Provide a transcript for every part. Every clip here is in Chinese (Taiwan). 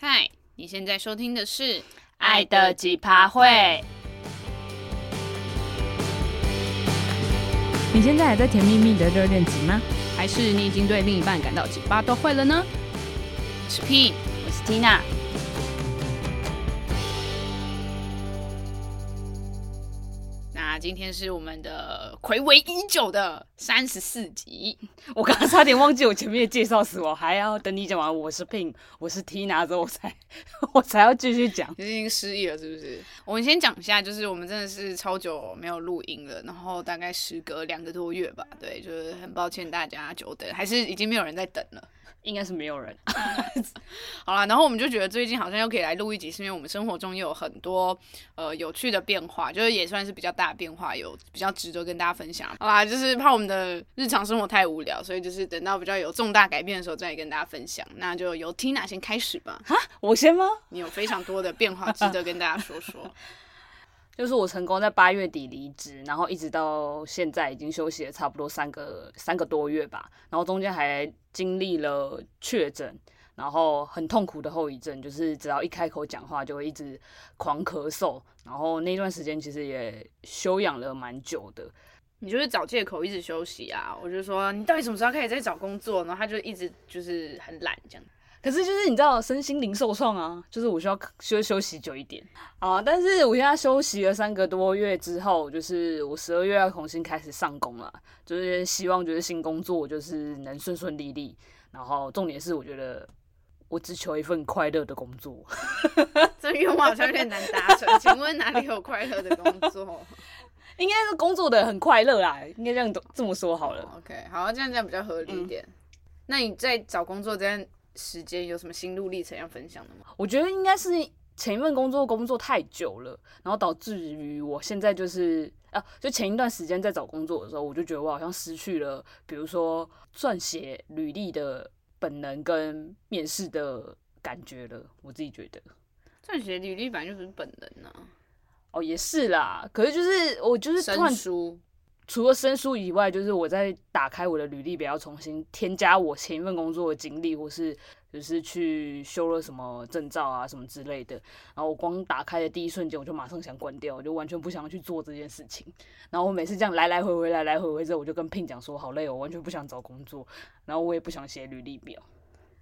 嗨，Hi, 你現在收聽的是《愛的幾趴火》。你現在還在甜蜜蜜的熱戀期嗎？還是你已經對另一半感到幾趴都會了呢？我是 Pin，我是 Tina。今天是我們的暌違已久的三十四集，我剛剛差點忘記我前面介紹，死我 還要等你講完，我是 Pin，我是 Tina，之後我才我才要繼續講，你已經失憶了是不是？我們先講一下，就是我們真的是超久沒有錄音了，然後大概時隔兩個多月吧，對，就是很抱歉大家久等，還是已經沒有人在等了。應該是沒有人， 好了，然後我們就覺得最近好像又可以來錄一集，是因為我們生活中也有很多呃有趣的變化，就是也算是比較大的變化，有比較值得跟大家分享。好了，就是怕我們的日常生活太無聊，所以就是等到比較有重大改變的時候再跟大家分享。那就由 Tina 先開始吧。哈，我先嗎？你有非常多的變化 值得跟大家說說。就是我成功在八月底離職，然後一直到現在已經休息了差不多三個三個多月吧，然後中間還經歷了確診，然後很痛苦的後遺症，就是只要一開口講話就會一直狂咳嗽，然後那段時間其實也休養了蠻久的。你就是找借口一直休息啊？我就說你到底什麼時候可以再找工作呢？然後他就一直就是很懶這樣。可是就是你知道身心靈受創啊，就是我需要休休息久一點啊。但是我現在休息了三個多月之後，就是我十二月要重新開始上工了，就是希望就是新工作就是能順順利利。然後重點是我覺得我只求一份快樂的工作，這願望好像有點難達成。請問哪裡有快樂的工作？應該是工作的很快樂啦，應該這樣這麼說好了。Oh, OK，好，這樣這樣比較合理一點。嗯，那你在找工作之前。Tina 有什麼心路歷程要分享的嗎？我覺得應該是前一份工作工作太久了，然後導致於我現在就是啊，就前一段時間在找工作的時候，我就覺得我好像失去了，比如說撰寫履歷的本能跟面試的感覺了。我自己覺得撰寫履歷本來就是本能吶、啊，哦，也是啦，可是就是我就是生疏，除了生疏以外，就是我在打開我的履歷表，要重新添加我前一份工作的經歷，或是，就是去修了什麼證照啊，什麼之類的。然後我光打開的第一瞬間，我就馬上想關掉，我就完全不想要去做這件事情。然後我每次這樣來來回回、來來回回之後，我就跟 Pin 講說：“好累哦，我完全不想找工作。”然後我也不想寫履歷表。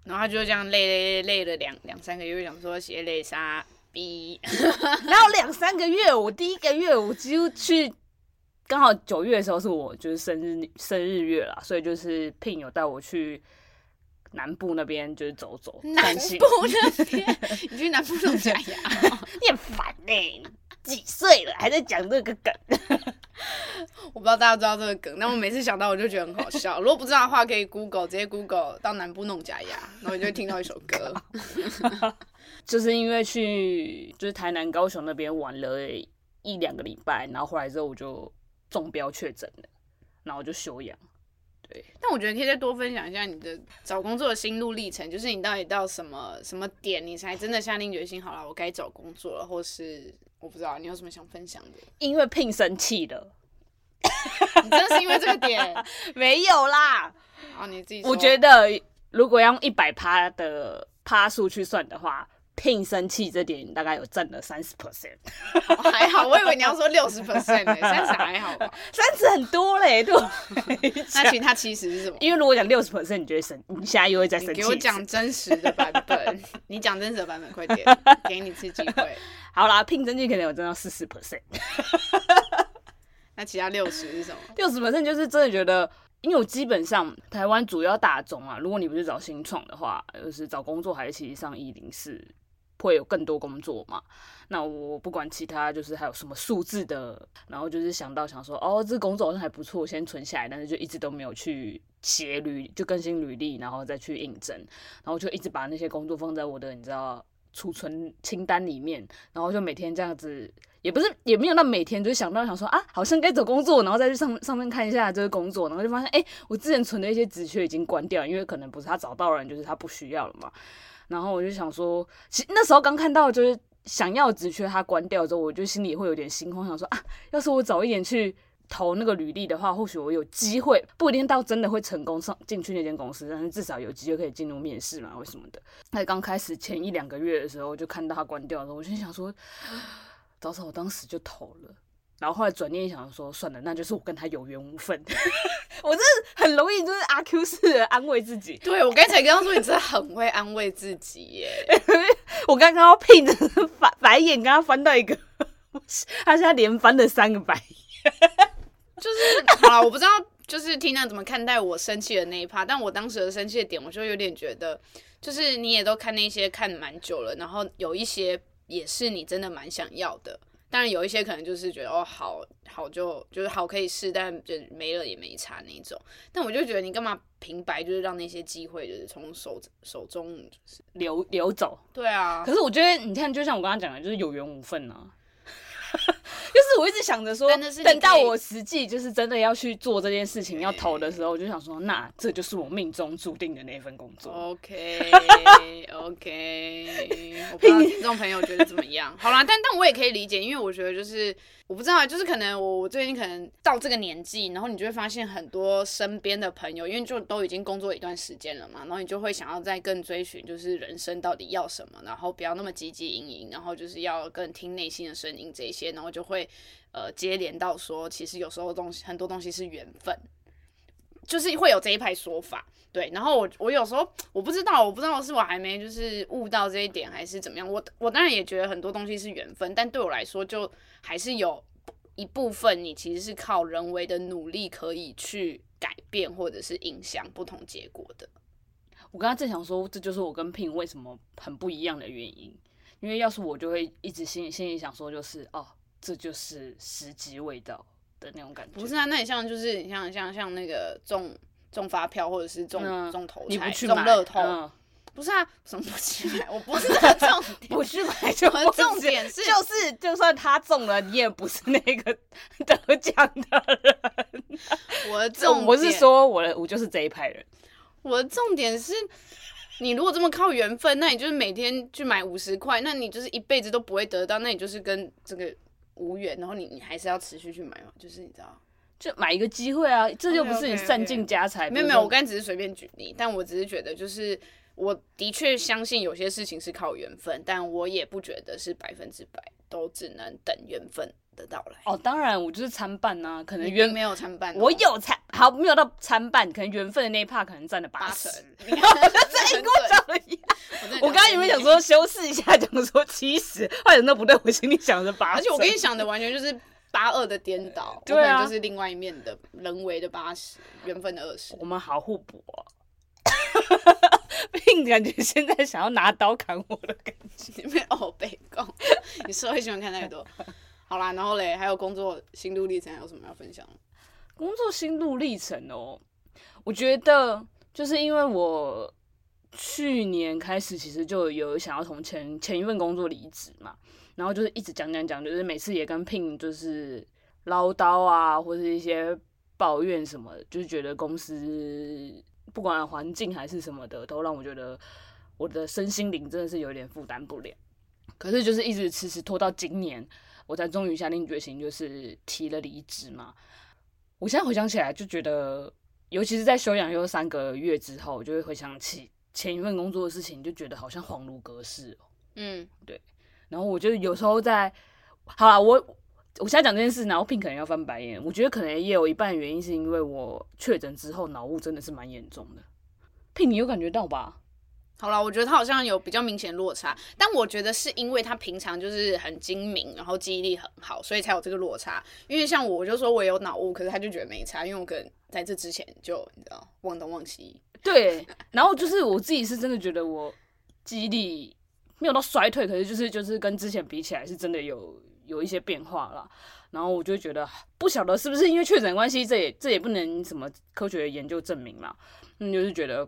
然後他就這樣累累累了兩兩三個月，想說寫累傻逼。 然後兩三個月，我第一個月我就去，剛好九月的時候是我就是生日生日月啦，所以就是 Pin 有帶我去。南部那邊就是走走，南部那邊你去南部弄假牙， 你很煩呢，欸，幾歲了還在講這個梗？ 我不知道大家知道這個梗，但我每次想到我就覺得很好笑。如果不知道的話，可以 Google 直接 Google 到南部弄假牙，然後你就會聽到一首歌。靠 就是因為去就是台南高雄那邊玩了一兩個禮拜，然後回來之後我就中標確診了，然後我就休養。對，但我覺得可以再多分享一下你的找工作的心路歷程，就是你到底到什麼什麼點，你才真的下定決心好了，我該找工作了，或是我不知道，你有什麼想分享的？因為聘生氣的， 你真的是因為這個點 沒有啦？啊，你自己？我覺得如果要用一百趴的趴數去算的話。Pin 生氣這點大概有掙了三十 percent，還好，我以為你要說六十 percent 呢，欸，三十 還好吧，三十很多嘞，對。 那其他七十是什麼？因為如果講六十 percent，你覺得生？你現在又會再生氣？給我講真實的版本， 你講真實的版本 快點，給你一次機會。好啦，Pin 生氣可能有掙到四十 percent，那其他六十是什麼？六十 percent 就是真的覺得，因為我基本上台灣主要大眾啊，如果你不是找新創的話，就是找工作還是其實上一零四。會有更多工作嘛。那我不管其他，就是還有什麼數字的，然後就是想到想說，哦，這工作好像還不錯，先存下來，但是就一直都沒有去寫履，就更新履歷，然後再去應徵，然後就一直把那些工作放在我的你知道儲存清單裡面，然後就每天這樣子，也不是也沒有那每天就想到想說啊，好像該找工作，然後再去上上面看一下這個、就是、工作，然後就發現哎，我之前存的一些職缺已經關掉，因為可能不是他找到了，就是他不需要了嘛。然後我就想說，其實那時候剛看到，就是想要職缺它關掉之後，我就心裡會有點心慌，想說啊，要是我早一點去投那個履歷的話，或許我有機會，不一定到真的會成功上進去那間公司，但是至少有機會可以進入面試嘛，為什麼的。在剛開始前一兩個月的時候，我就看到它關掉的時候，我就想說，早知道我當時就投了。然後後來轉念一想，說算了，那就是我跟他有緣無分。 我這很容易就是阿 Q 式的安慰自己。對，我剛才跟他說，你真的很會安慰自己耶。 我剛剛要 Pin 翻白眼，剛剛翻到一個，他現在連翻了三個白眼， 就是好啦，我不知道就是 Tina 怎麼看待我生氣的那一趴，但我當時的生氣的點，我就有點覺得，就是你也都看那些看蠻久了，然後有一些也是你真的蠻想要的。當然有一些可能就是覺得哦，好好就就是好可以試，但就沒了也沒差那種。但我就覺得你幹嘛平白就是讓那些機會就是從手手中就是流流走？對啊。可是我覺得你看，就像我剛剛講的，就是有緣無分啊。 就是我一直想着說，的等到我實際就是真的要去做這件事情，對要投的時候，我就想說，那這就是我命中注定的那份工作。OK OK， 我不知道聽眾朋友覺得怎麼樣？好啦，但但我也可以理解，因為我覺得就是我不知道，就是可能我我最近可能到這個年紀，然後你就會發現很多身邊的朋友，因為就都已經工作一段時間了嘛，然後你就會想要再更追尋，就是人生到底要什麼，然後不要那麼汲汲營營，然後就是要更聽內心的聲音這些，然後。就會呃接連到說，其實有時候東西很多東西是緣分，就是會有這一派說法，對。然後我我有時候我不知道，我不知道是我還沒就是悟到這一點，還是怎麼樣。我我當然也覺得很多東西是緣分，但對我來說就還是有一部分你其實是靠人為的努力可以去改變或者是影響不同結果的。我剛剛正想說，這就是我跟 Pin 為什麼很不一樣的原因，因為要是我就會一直心裡心裡想說，就是哦。這就是時機未到的那種感覺。不是啊，那你像就是你像像像那個中中發票或者是中、嗯、中頭彩，你不去中樂、嗯、不是啊，什麼不去買， 我不是中， 不去買就是我的重點是，就是就算他中了，你也不是那個得獎的人。 我的重點、呃，我是說我，我我就是這一派人。我的重點是，你如果這麼靠緣分，那你就是每天去買五十塊，那你就是一輩子都不會得到，那你就是跟這個。無緣，然後你你還是要持續去買嘛？就是你知道，就買一個機會啊！這就不是你散盡家財，沒有沒有，我剛才只是隨便舉例，但我只是覺得，就是我的確相信有些事情是靠緣分，但我也不覺得是百分之百，都只能等緣分。得到了點點哦，當然我就是參半吶、啊，可能緣沒有參半，我有參，好沒有到參半，可能緣分的那一 part 可能占了八十，你在跟我講了一樣，我剛剛有沒有講說修飾一下，講說七十，後來那不對，我心裡想着八十，而且我跟你想的完全就是八二的顛倒，對啊、嗯，就是另外一面的人為的八十，緣、啊、分的二十，我們好互補啊、哦。並 感覺現在想要拿刀砍我的感覺，你沒有，哦北工，你是不喜歡看太多？好啦，然後嘞，還有工作心路歷程還有什麼要分享？工作心路歷程哦，我覺得就是因為我去年開始其實就有想要從前前一份工作離職嘛，然後就是一直講講講，就是每次也跟 Pin 就是嘮叨啊，或是一些抱怨什麼的，就是覺得公司不管環境還是什麼的，都讓我覺得我的身心靈真的是有點負擔不了。可是就是一直遲遲拖到今年。我才終於下定決心，就是提了離職嘛。我現在回想起來，就覺得，尤其是在休養又三個月之後，我就會回想起前一份工作的事情，就覺得好像恍如隔世。哦、嗯，對。然後我覺得有時候在……好了，我我現在講這件事，然後 Pin 可能要翻白眼。我覺得可能也有一半的原因是因為我確診之後腦霧真的是蠻嚴重的。Pin，你有感覺到吧？好啦，我覺得他好像有比較明顯落差，但我覺得是因為他平常就是很精明，然後記憶力很好，所以才有這個落差。因為像我，就說我有腦霧，可是他就覺得沒差，因為我可能在這之前就你知道忘東忘西。對，然後就是我自己是真的覺得我記憶力沒有到衰退，可是就是就是跟之前比起來是真的有有一些變化啦。然後我就覺得不曉得是不是因為確診關係，這也這也不能什麼科學的研究證明啦。嗯，就是覺得。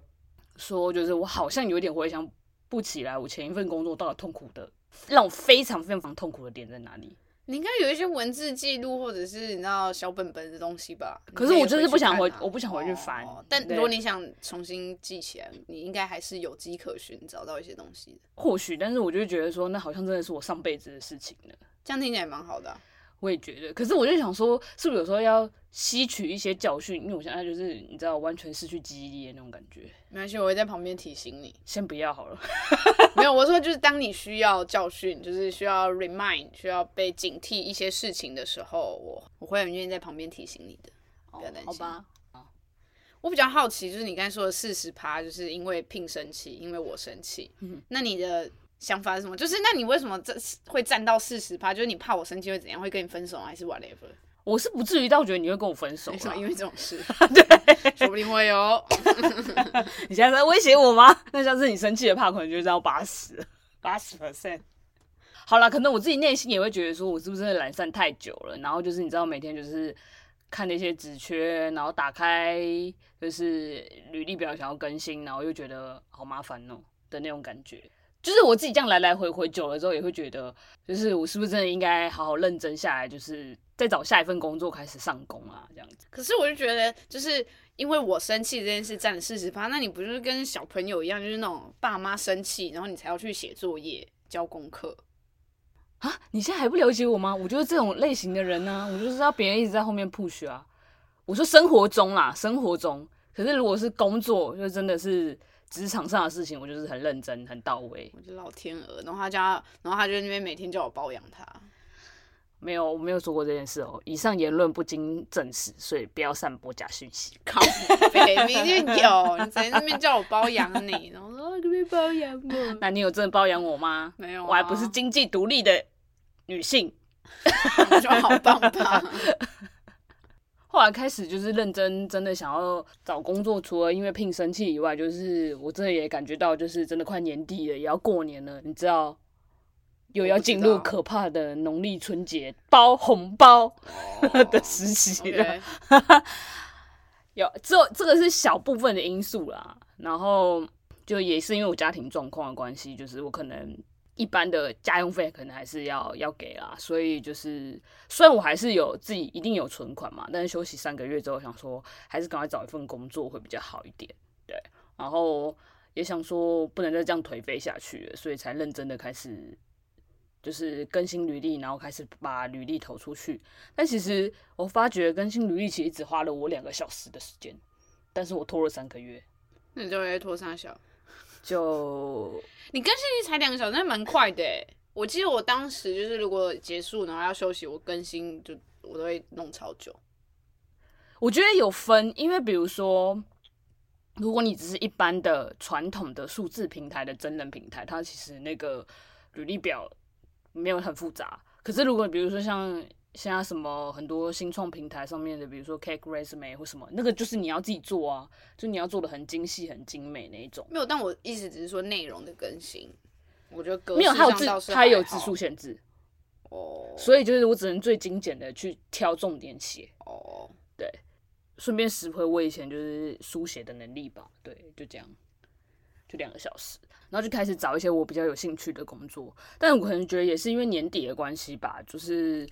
說就是我好像有點回想不起來，我前一份工作到底痛苦的，讓我非常非常痛苦的點在哪裡？你應該有一些文字記錄，或者是你知道小本本的東西吧？可是我就是不想回，回啊，我不想回去翻。哦。但如果你想重新記起來，對你應該還是有跡可循，找到一些東西的。或許，但是我就覺得說，那好像真的是我上輩子的事情了。這樣聽起來蠻好的啊。我也覺得，可是我就想說，是不是有時候要吸取一些教訓？因為我現在就是你知道，完全失去記憶力的那種感覺。沒關係，我會在旁邊提醒你。先不要好了， 沒有，我說就是當你需要教訓，就是需要 remind，需要被警惕一些事情的時候，我我會很願意在旁邊提醒你的。Oh, 不要擔心，好吧？我比較好奇，就是你剛才說的四十趴，就是因為 Pin 生氣，因為我生氣。嗯。那你的？想法是什麼？就是那你為什麼這會占到四十趴？就是你怕我生氣會怎樣？會跟你分手還是 whatever？我是不至於到覺得你會跟我分手，為什麼因為這種事， 對，說不定會有。你現在在威脅我嗎？那下次你生氣的怕，可能就是到八十，八十 percent。 好啦，可能我自己內心也會覺得，說我是不是真的懶散太久了？然後就是你知道，每天就是看那些職缺，然後打開就是履歷表想要更新，然後又覺得好麻煩哦、喔、的那種感覺。就是我自己這樣來來回回久了之後，也會覺得，就是我是不是真的應該好好認真下來，就是再找下一份工作開始上工啊，這樣子。可是我就覺得，就是因為我生氣這件事占了四十八，那你不就是跟小朋友一樣，就是那種爸媽生氣，然後你才要去寫作業、交功課啊？你現在還不了解我嗎？我就是這種類型的人呢、啊，我就是要別人一直在後面 push 啊。我說生活中啦，生活中，可是如果是工作，就真的是。職場上的事情，我就是很認真、很到位。我是老天鵝，然後他家，然後他就在那邊每天叫我包養他。沒有，我沒有做過這件事哦、喔。以上言論不經證實，所以不要散播假訊息。靠，明明有，你在那邊叫我包養你，然後說可不可以包養我。那你有真的包養我嗎？沒有、啊，我還不是經濟獨立的女性。 啊、我就好棒棒，他。 後來開始就是認真真的想要找工作，除了因為 Pin 生氣以外，就是我真的也感覺到，就是真的快年底了，也要過年了，你知道，又要進入可怕的農曆春節包紅包的時期了。有這這個是小部分的因素啦，然後就也是因為我家庭狀況的關係，就是我可能。一般的家用費可能還是要要給啦，所以就是雖然我還是有自己一定有存款嘛，但是休息三個月之後想說還是趕快找一份工作會比較好一點，對，然後也想說不能再這樣頹廢下去了，所以才認真的開始就是更新履歷，然後開始把履歷投出去。但其實我發覺更新履歷其實只花了我兩個小時的時間，但是我拖了三個月，那你在拖三小？就你更新你才兩個小時，還蠻快的。 我記得我當時就是，如果結束然後要休息，我更新就我都會弄超久。我覺得有分，因為比如說，如果你只是一般的傳統的數字平台的真人平台，它其實那個履歷表沒有很複雜。可是如果比如說像。像什麼很多新創平台上面的，比如說 Cake Resume 或什麼，那個就是你要自己做啊，就你要做的很精細、很精美那一種。沒有，但我意思只是說內容的更新，我覺得沒有，還有字，它有字數限制。哦。Oh. 所以就是我只能最精簡的去挑重點寫。哦。Oh. 對，順便拾回我以前就是書寫的能力吧。對，就這樣，就兩個小時，然後就開始找一些我比較有興趣的工作。但我可能覺得也是因為年底的關係吧，就是。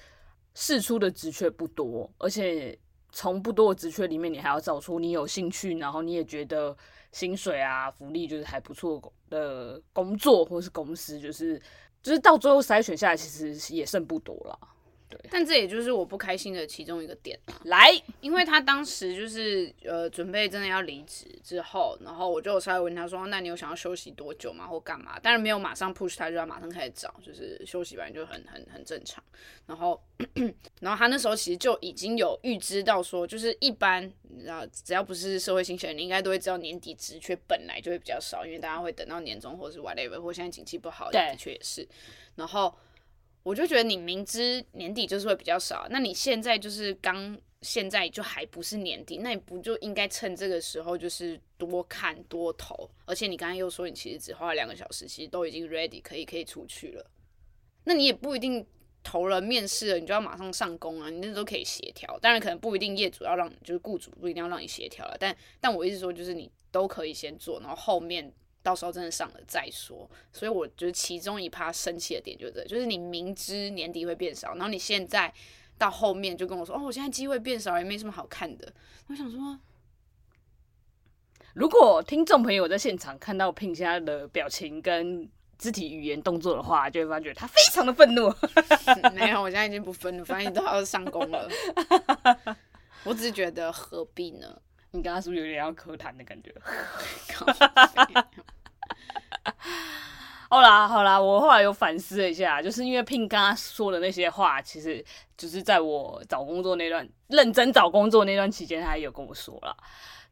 釋出的職缺不多，而且從不多的職缺裡面，你還要找出你有興趣，然後你也覺得薪水啊、福利就是還不錯的工作，或是公司，就是就是到最後篩選下來，其實也剩不多了。對但這也就是我不開心的其中一個點。啊，來，因為他當時就是呃準備真的要離職之後，然後我就有稍微問他說，啊：“那你有想要休息多久嗎？或幹嘛？”但是沒有馬上 push 他就要馬上開始找，就是休息完就很很很正常。然後咳咳，然後他那時候其實就已經有預知到說，就是一般你知道，只要不是社會新鮮人，你應該都會知道年底職缺本來就會比較少，因為大家會等到年終或是 whatever，或現在景氣不好的，對的確也是。然後。我就覺得你明知年底就是會比較少，那你現在就是剛現在就還不是年底，那你不就應該趁這個時候就是多看多投？而且你剛才又說你其實只花了兩個小時，其實都已經 ready 可以可以出去了。那你也不一定投了面試了，你就要馬上上工啊？你那都可以協調，當然可能不一定業主要讓就是雇主不一定要讓你協調了，但但我意思說就是你都可以先做，然後後面。到時候真的上了再說，所以我覺得其中一趴生氣的點就是，就是你明知年底會變少，然後你現在到後面就跟我說，哦，我現在機會變少，也沒什麼好看的。我想說，如果聽眾朋友在現場看到 Pin 一下他的表情跟肢體語言動作的話，就會發覺他非常的憤怒。 沒有，我現在已經不憤怒，反正你都要上工了。我只是覺得何必呢？你剛剛是不是有點要咳痰的感覺？ 好 oh、啦好啦，我後來有反思了一下，就是因為 Pin 剛剛說的那些話，其實就是在我找工作那段認真找工作那段期間，他也有跟我說了。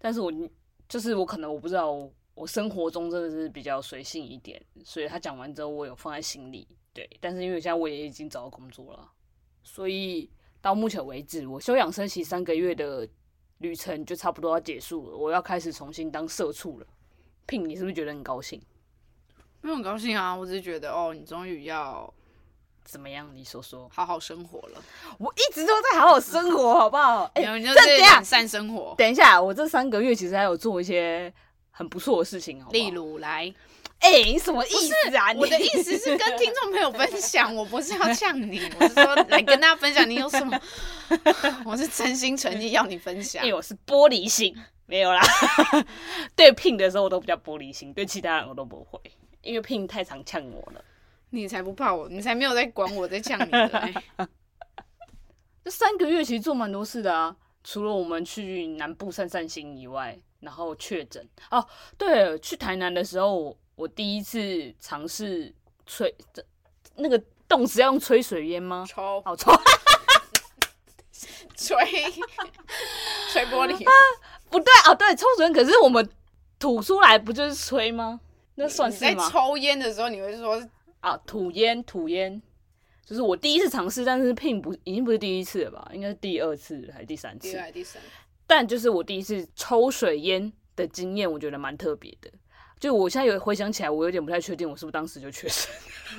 但是我就是我可能我不知道我，我生活中真的是比較隨性一點，所以他講完之後，我有放在心裡。對，但是因為現在我也已經找到工作了，所以到目前為止，我休養生息三個月的旅程就差不多要結束了。我要開始重新當社畜了。Pin，你是不是覺得很高興？沒有很高興啊！我只是覺得哦，你終於要怎麼樣？你說說，好好生活了。我一直都在好好生活，好不好？哎，這等下善生活。等一下，我這三個月其實還有做一些很不錯的事情哦，好不好，例如，來。哎、欸，你什麼意思啊？是你我的意思是跟聽眾朋友分享， 我不是要嗆你，我是說來跟大家分享你有什麼。 我是真心誠意要你分享。因為我是玻璃心，沒有啦。 對 Pin 的時候我都比較玻璃心，對其他人我都不會。因為 Pin 太常嗆我了，你才不怕我，你才沒有在管我在嗆你、欸。 這三個月其實做蠻多事的啊，除了我們去南部散散心以外，然後確診哦。對，去台南的時候，我第一次嘗試吹，那個洞是要用吹水煙嗎？臭，好抽，好醜 吹吹玻璃？啊、不對啊、哦，對，抽水煙。可是我們吐出來不就是吹嗎？那算是嗎？在抽煙的時候，你會說啊，吐煙，吐煙，就是我第一次嘗試，但是並不已經不是第一次了吧？應該是第二次還是第三次？第二次還是第三次？但就是我第一次抽水煙的經驗，我覺得蠻特別的。就我現在有回想起來，我有點不太確定，我是不是當時就確診？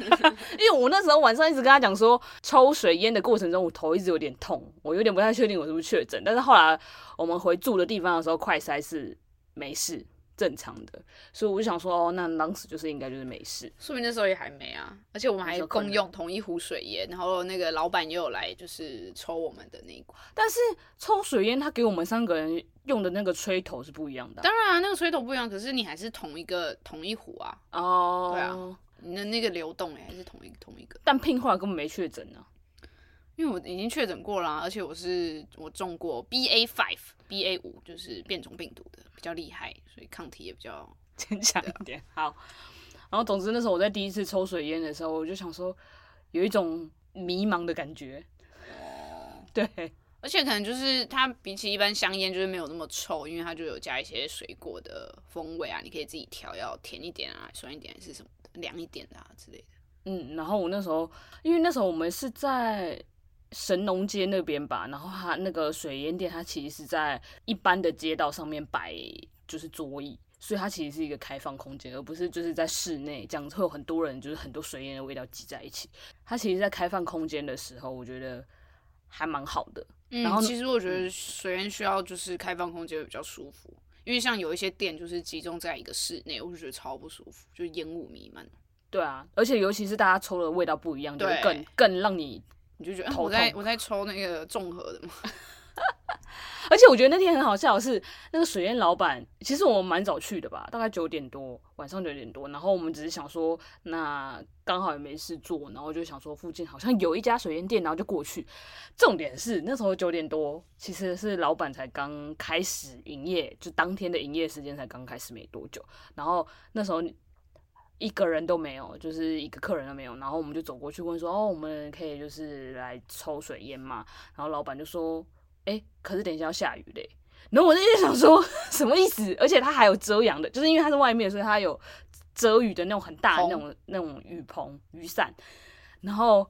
因為我那時候晚上一直跟他講說，抽水煙的過程中，我頭一直有點痛，我有點不太確定我是不是確診。但是後來我們回住的地方的時候，快篩是，是沒事。正常的，所以我就想說，那當時就是應該就是沒事，說明那時候也還沒啊，而且我們還共用同一壺水煙，然後那個老板也有來就是抽我們的那一款。但是抽水煙他給我們三個人用的那個吹頭是不一樣的，啊，當然，啊、那個吹頭不一樣，可是你還是同一個同一壺啊，哦，oh, 對啊，你的那個流動，欸、還是同一個同一個，但 Pin 後來根本沒確診呢。因為我已經確診過了啊，而且我是我中過 B A five B A 五，就是變種病毒的比較厲害，所以抗體也比較堅強一點。對。好，然後總之那時候我在第一次抽水煙的時候，我就想說有一種迷茫的感覺。嗯，對，而且可能就是它比起一般香煙就是沒有那麼臭，因為它就有加一些水果的風味啊，你可以自己調，要甜一點啊，酸一點還是什麼的，涼一點啊之類的。嗯，然後我那時候因為那時候我們是在。神農街那邊吧，然後它那個水煙店，它其實是在一般的街道上面擺，就是桌椅，所以它其實是一個開放空間，而不是就是在室內這樣，會有很多人，就是很多水煙的味道擠在一起。它其實，在開放空間的時候，我覺得還蠻好的。然後、嗯、其實我覺得水煙需要就是開放空間比較舒服，嗯、因為像有一些店就是集中在一個室內，我就覺得超不舒服，就是煙霧彌漫。對啊，而且尤其是大家抽的味道不一樣，就是、更對更讓你、你就覺得、啊，我在我在抽那個綜合的嘛， 而且我覺得那天很好笑的是，那個水煙老闆，其實我們蠻早去的吧，大概九點多，晚上九點多，然後我們只是想說，那剛好也沒事做，然後就想說附近好像有一家水煙店，然後就過去。重點是那時候九點多，其實是老闆才剛開始營業，就當天的營業時間才剛開始沒多久，然後那時候你一個人都沒有，就是一個客人都沒有，然後我們就走過去問說：“哦，我們可以就是來抽水煙嗎？”然後老板就說：“誒、欸，可是等一下要下雨嘞。”然後我就一直想說，什麼意思？而且它還有遮陽的，就是因為它是外面，所以它有遮雨的那種很大的那種那種雨棚雨傘，然後。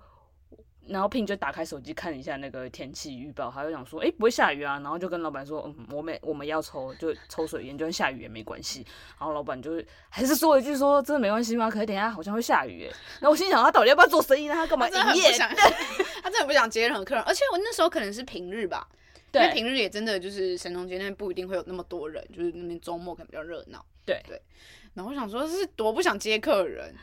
然後 Pin 就打開手機看一下那個天氣預報，他就想說，哎、欸，不會下雨啊。然後就跟老闆說，嗯，我們我們要抽，就抽水煙，就算下雨也沒關係。然後老闆就還是說了一句說，說真的沒關係嗎？可是等一下好像會下雨哎。然後我心想，他到底要不要做生意呢？他幹嘛營業？他真的不想接任何客人。而且我那時候可能是平日吧，因為對 平日也真的就是神農街那邊不一定會有那麼多人，就是那邊周末可能比較熱鬧。對對。然後我想說，是多不想接客人。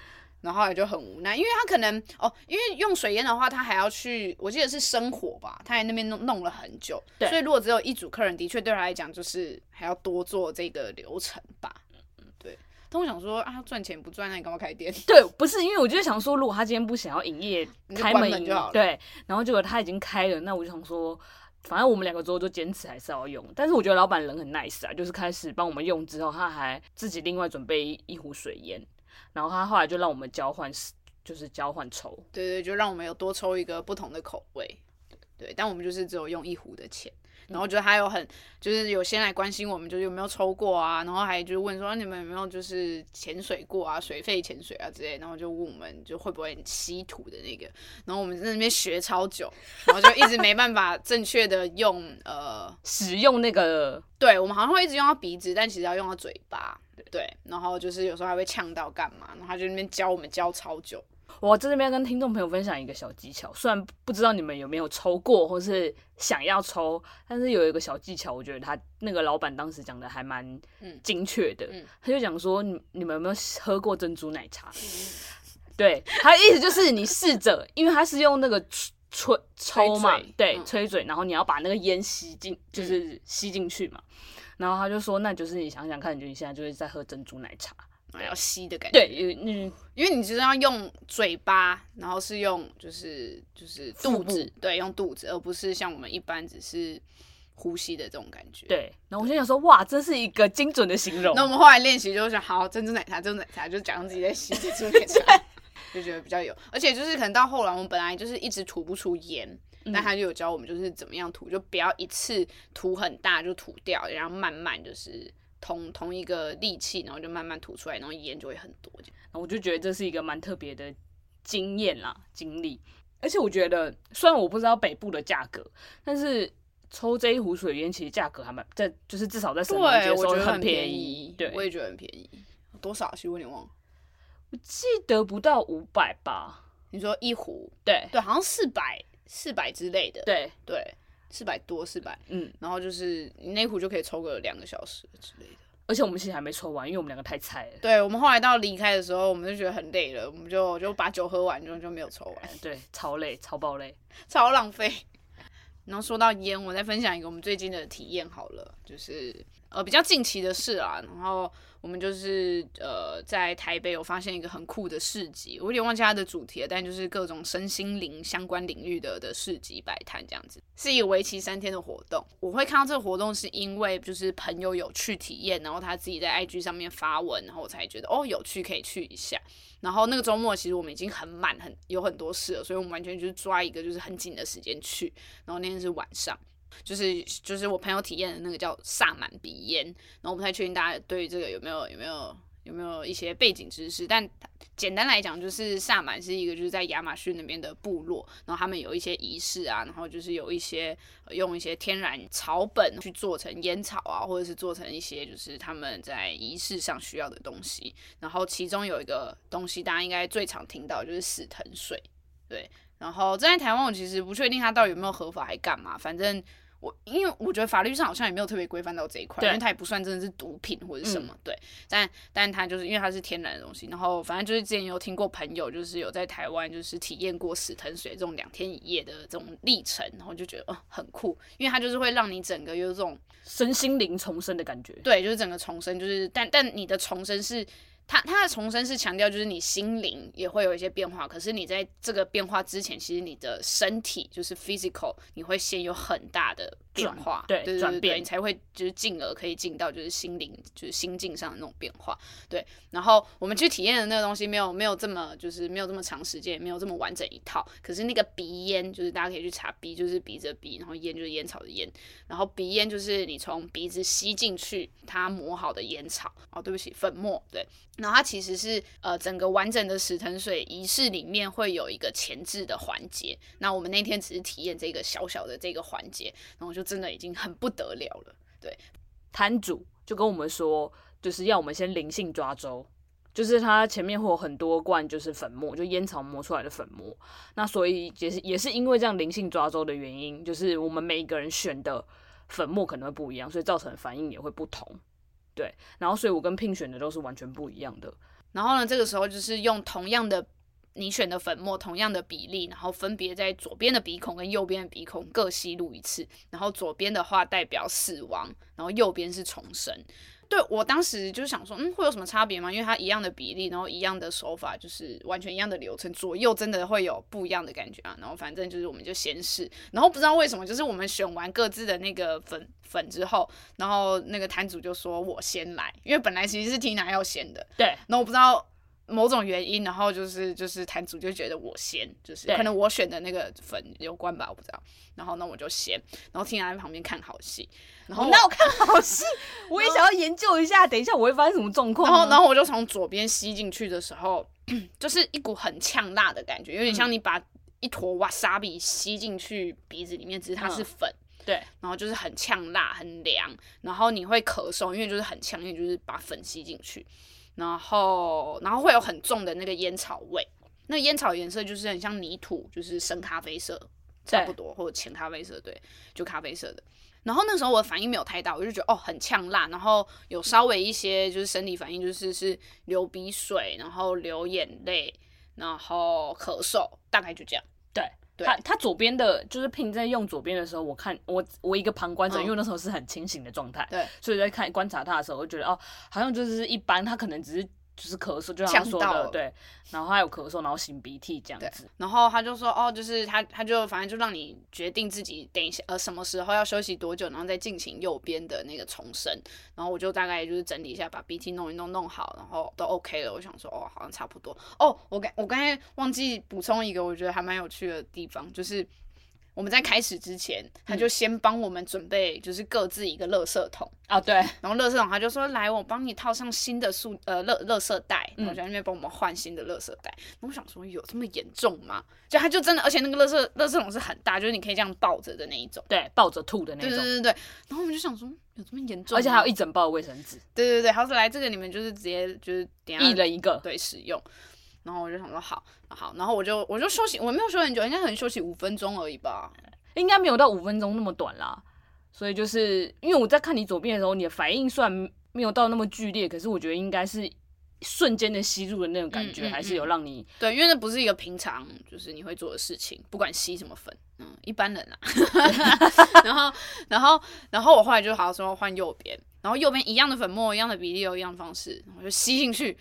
然後也就很無奈，因為他可能哦，因為用水煙的話，他還要去，我記得是生火吧，他在那邊弄弄了很久，對所以如果只有一組客人，的確對他來講就是還要多做這個流程吧。嗯對，但我想說啊，他賺錢不賺，那你趕快開店。對，不是，因為我就想說，如果他今天不想要營業關門開門就好了。對，然後結果他已經開了，那我就想說，反正我們兩個桌就堅持還是要用。但是我覺得老板人很 nice 啊，就是開始幫我們用之後，他還自己另外準備一壺水煙。然後他後來就讓我們交換，就是交換抽，對對，就讓我們有多抽一個不同的口味，對，但我們就是只有用一壺的錢。然後覺得他有很，就是有先來關心我們，就是有沒有抽過啊，然後還就是問說、啊、你們有沒有就是潛水過啊，水肺潛水啊之類，然後就問我們就會不會很稀土的那個，然後我們在那邊學超久，然後就一直沒辦法正確的用 呃使用那個，對我們好像會一直用到鼻子，但其實要用到嘴巴，對，對，然後就是有時候還會嗆到幹嘛，然後他就那邊教我們教超久。我在這邊跟聽眾朋友分享一個小技巧，雖然不知道你們有沒有抽過，或是想要抽，但是有一個小技巧，我覺得他那個老闆當時講的還蠻精確的。嗯嗯、他就講說你，你你們有沒有喝過珍珠奶茶？嗯、對，他的意思就是你試着， 因為他是用那個吹吹抽嘛，嘴對，吹嘴，嗯、然後你要把那個煙吸進，就是吸進去嘛。嗯、然後他就說，那就是你想想看，就你現在就是在喝珍珠奶茶。嗯、要吸的感覺，對，嗯，因為你就是要用嘴巴，然後是用就是就是肚子，部對，用肚子，而不是像我們一般只是呼吸的這種感覺。對，然後我就想說，對哇，這是一個精準的形容。那我們後來練習就是想，好，珍珠奶茶，珍珠奶茶，就假裝自己在吸對珍珠奶茶，就覺得比較有。 而且就是可能到後來，我們本來就是一直吐不出煙，嗯、但他就有教我們就是怎麼樣吐，就不要一次吐很大就吐掉，然後慢慢就是。同同一個力氣，然後就慢慢吐出來，然後煙就會很多。我就覺得這是一個蠻特別的經驗啦，經歷。而且我覺得，雖然我不知道北部的價格，但是抽這一壺水煙，其實價格還蠻在，就是至少在省民節的時候我覺得很便宜。對，我也覺得很便宜。多少？其實我有點忘了，我記得不到五百吧。你說一壺？對對，好像四百四百之類的。對對。對四百多，四百，嗯，然後就是你那壺就可以抽個兩個小時之類的。而且我們其實還沒抽完，因為我們兩個太菜了。對，我們後來到離開的時候，我們就覺得很累了，我們就就把酒喝完就，就就沒有抽完。對，超累，超爆累，超浪費。然後說到煙，我再分享一個我們最近的體驗好了，就是呃比較近期的事啊，然後。我們就是呃，在台北有發現一個很酷的市集，我有點忘記它的主題了，但就是各種身心靈相關領域的的市集擺攤這樣子，是一個為期三天的活動。我會看到這個活動是因為就是朋友有去體驗，然後他自己在 IG 上面發文，然後我才覺得哦有趣，可以去一下。然後那個周末其實我們已經很滿，很有很多事了，所以我們完全就是抓一個就是很緊的時間去。然後那天是晚上。就是就是我朋友體驗的那個叫薩滿鼻煙，然後我不太確定大家對於這個有沒有有沒有有沒有一些背景知識，但簡單來講就是薩滿是一個就是在亞馬遜那邊的部落，然後他們有一些儀式啊，然後就是有一些、呃、用一些天然草本去做成菸草啊，或者是做成一些就是他們在儀式上需要的東西，然後其中有一個東西大家應該最常聽到就是死藤水，對，然後在台灣我其實不確定它到底有沒有合法還幹嘛，反正。我因為我覺得法律上好像也沒有特別規範到這一塊，對因為它也不算真的是毒品或者什麼，嗯、對。但但它就是因為它是天然的東西，然後反正就是之前有聽過朋友就是有在台灣就是體驗過死藤水這種兩天一夜的這種歷程，然後就覺得哦、呃、很酷，因為它就是會讓你整個有這種身心靈重生的感覺。對，就是整個重生，就是但但你的重生是，他他的重生是強調，就是你心靈也會有一些變化，可是你在這個變化之前，其實你的身體就是 physical，你會先有很大的變化，對對，對對對轉變你才會就是進而可以進到就是心靈就是心境上的那種變化，對。然後我們去體驗的那個東西沒有沒有這麼就是沒有這麼長時間，沒有這麼完整一套。可是那個鼻煙就是大家可以去查鼻，鼻就是鼻子的鼻，然後煙就是煙草的煙，然後鼻煙就是你從鼻子吸進去，它磨好的煙草哦，喔、對不起，粉末，對。那它其實是呃，整個完整的石騰水儀式裡面會有一個前置的環節。那我們那天只是體驗這個小小的這個環節，然後就真的已經很不得了了。對，攤主就跟我們說，就是要我們先靈性抓周，就是它前面會有很多罐，就是粉末，就煙草磨出來的粉末。那所以也是也是因為這樣靈性抓周的原因，就是我們每一個人選的粉末可能會不一樣，所以造成的反應也會不同。對，然後所以我跟 Pin 選的都是完全不一樣的。然後呢，這個時候就是用同樣的你選的粉末，同樣的比例，然後分別在左邊的鼻孔跟右邊的鼻孔各吸入一次。然後左邊的話代表死亡，然後右邊是重生。對我當時就是想說，嗯，會有什麼差別嗎？因為它一樣的比例，然後一樣的手法，就是完全一樣的流程左右，真的會有不一樣的感覺啊。然後反正就是我們就先試，然後不知道為什麼，就是我們選完各自的那個粉粉之後，然後那個攤主就說我先來，因為本來其實是緹娜要先的。對，然後我不知道。某種原因，然後就是就是壇主就覺得我先，就是可能我選的那個粉有關吧，我不知道。然後呢，我就先，然後聽他在旁邊看好戲。然後我、哦、那我看好戲， 我也想要研究一下，然後，等一下我會發生什麼狀況。然後然後我就從左邊吸進去的時候，就是一股很嗆辣的感覺，有點像你把一坨瓦沙比吸進去鼻子裡面，只是它是粉。嗯、對，然後就是很嗆辣，很涼，然後你會咳嗽，因為就是很嗆，因為就是把粉吸進去。然後，然後會有很重的那個菸草味，那個、菸草顏色就是很像泥土，就是深咖啡色，差不多對或者淺咖啡色，對，就咖啡色的。然後那時候我的反應沒有太大，我就覺得哦，很嗆辣，然後有稍微一些就是生理反應，就是是流鼻水，然後流眼淚，然後咳嗽，大概就這樣。他他左邊的就是 Pin 在用左邊的時候，我看我我一個旁觀者，哦、因為那時候是很清醒的狀態，對 所以在看觀察他的、的時候，我就覺得哦，好像就是一般，他可能只是。就是咳嗽，就像說的到對，然後他有咳嗽，然後擤鼻涕這樣子，然後他就說哦，就是他，他就反正就讓你決定自己等一下呃什麼時候要休息多久，然後再進行右邊的那個重生，然後我就大概就是整理一下，把鼻涕弄一弄弄好，然後都 OK 了。我想說哦，好像差不多哦。我剛我剛才忘記補充一個，我覺得還蠻有趣的地方就是。我們在開始之前，他就先幫我們準備，就是各自一個垃圾桶啊，對、嗯。然後垃圾桶他就說：“來，我幫你套上新的塑呃垃圾袋。”然後在那邊幫我們換新的垃圾袋。嗯、我想說有這麼嚴重嗎？就他就真的，而且那個垃圾垃圾桶是很大，就是你可以這樣抱着的那一種。對，抱着吐的那一種。對對對，對然後我們就想說有這麼嚴重？而且還有一整包衛生紙。對對對，好有來這個你們就是直接就是一,一人一個對使用。然後我就想說好，好，然後我就我就休息，我沒有休息很久，應該可能休息五分鐘而已吧，應該沒有到五分鐘那麼短啦。所以就是因為我在看你左邊的時候，你的反應雖然沒有到那麼劇烈，可是我覺得應該是瞬間的吸入的那種感覺，嗯嗯嗯、還是有讓你對，因為那不是一個平常就是你會做的事情，不管吸什麼粉，嗯，一般人啊。 然後然後然後我後來就好像說換右邊，然後右邊一樣的粉末，一樣的比例，一樣的方式，我就吸進去。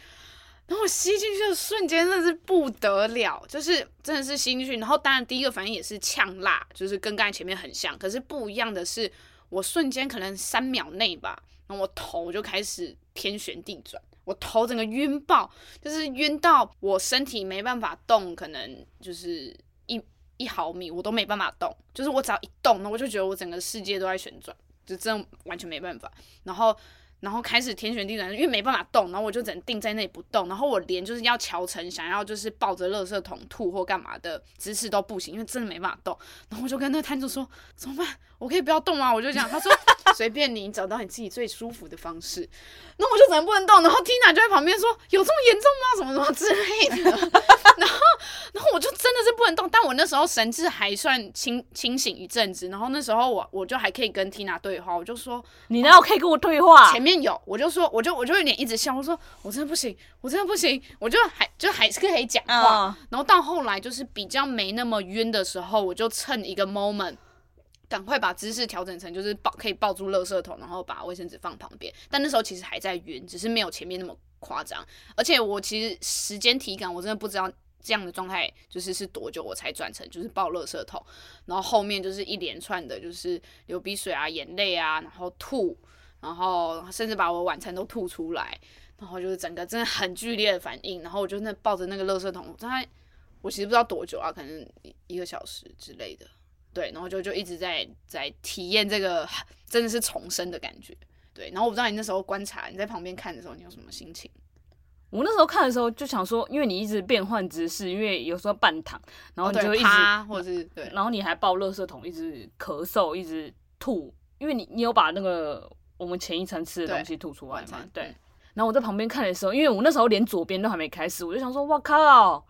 然後我吸進去的瞬間，真的是不得了，就是真的是吸進去，然後當然第一個反應也是嗆辣，就是跟剛才前面很像，可是不一樣的是，我瞬間可能三秒內吧，然後我頭就開始天旋地轉，我頭整個暈爆，就是暈到我身體沒辦法動，可能就是一一毫米我都沒辦法動，就是我只要一動，那我就覺得我整個世界都在旋轉，就真的完全沒辦法。然後。然後開始天旋地轉，因為沒辦法動，然後我就只能定在那裡不動。然後我連就是要喬成想要就是抱着垃圾桶吐或幹嘛的姿勢都不行，因為真的沒辦法動。然後我就跟那個攤主說：“怎麼辦？”我可以不要動嗎？我就講，他說隨便你，找到你自己最舒服的方式。那 我就怎麼不能動。然後 Tina 就在旁邊說：“有這麼嚴重嗎？什麼什麼之類的。” 然後，然後我就真的是不能動。但我那時候神志還算清清醒一陣子。然後那時候我我就還可以跟 Tina 對話，我就說：“你呢？我可以跟我對話。”前面有，我就說，我就我就有點一直笑，我說：“我真的不行，我真的不行。”我就還就還是可以講話。Oh. 然後到後來就是比較沒那麼暈的時候，我就趁一個 moment。趕快把姿勢調整成就是抱，可以抱住垃圾桶，然後把衛生紙放旁邊。但那時候其實還在暈，只是沒有前面那麼誇張。而且我其實時間體感，我真的不知道這樣的狀態就是是多久我才轉成就是抱垃圾桶，然後後面就是一連串的就是流鼻水啊、眼淚啊，然後吐，然後甚至把我晚餐都吐出來，然後就是整個真的很劇烈的反應。然後我就那抱着那個垃圾桶，我真的我其實不知道多久啊，可能一個小時之類的。對，然後就就一直在在體驗這個真的是重生的感覺。對，然後我不知道你那時候觀察你在旁邊看的時候，你有什麼心情？我那時候看的時候就想說，因為你一直變換姿勢，因為有時候半躺，然後你就一直，喔、或者是對、嗯，然後你還抱垃圾桶，一直咳嗽，一直吐，因為你你有把那個我們前一層吃的東西吐出來嘛？對。對然後我在旁邊看的時候，因為我那時候連左邊都還沒開始，我就想說，哇靠，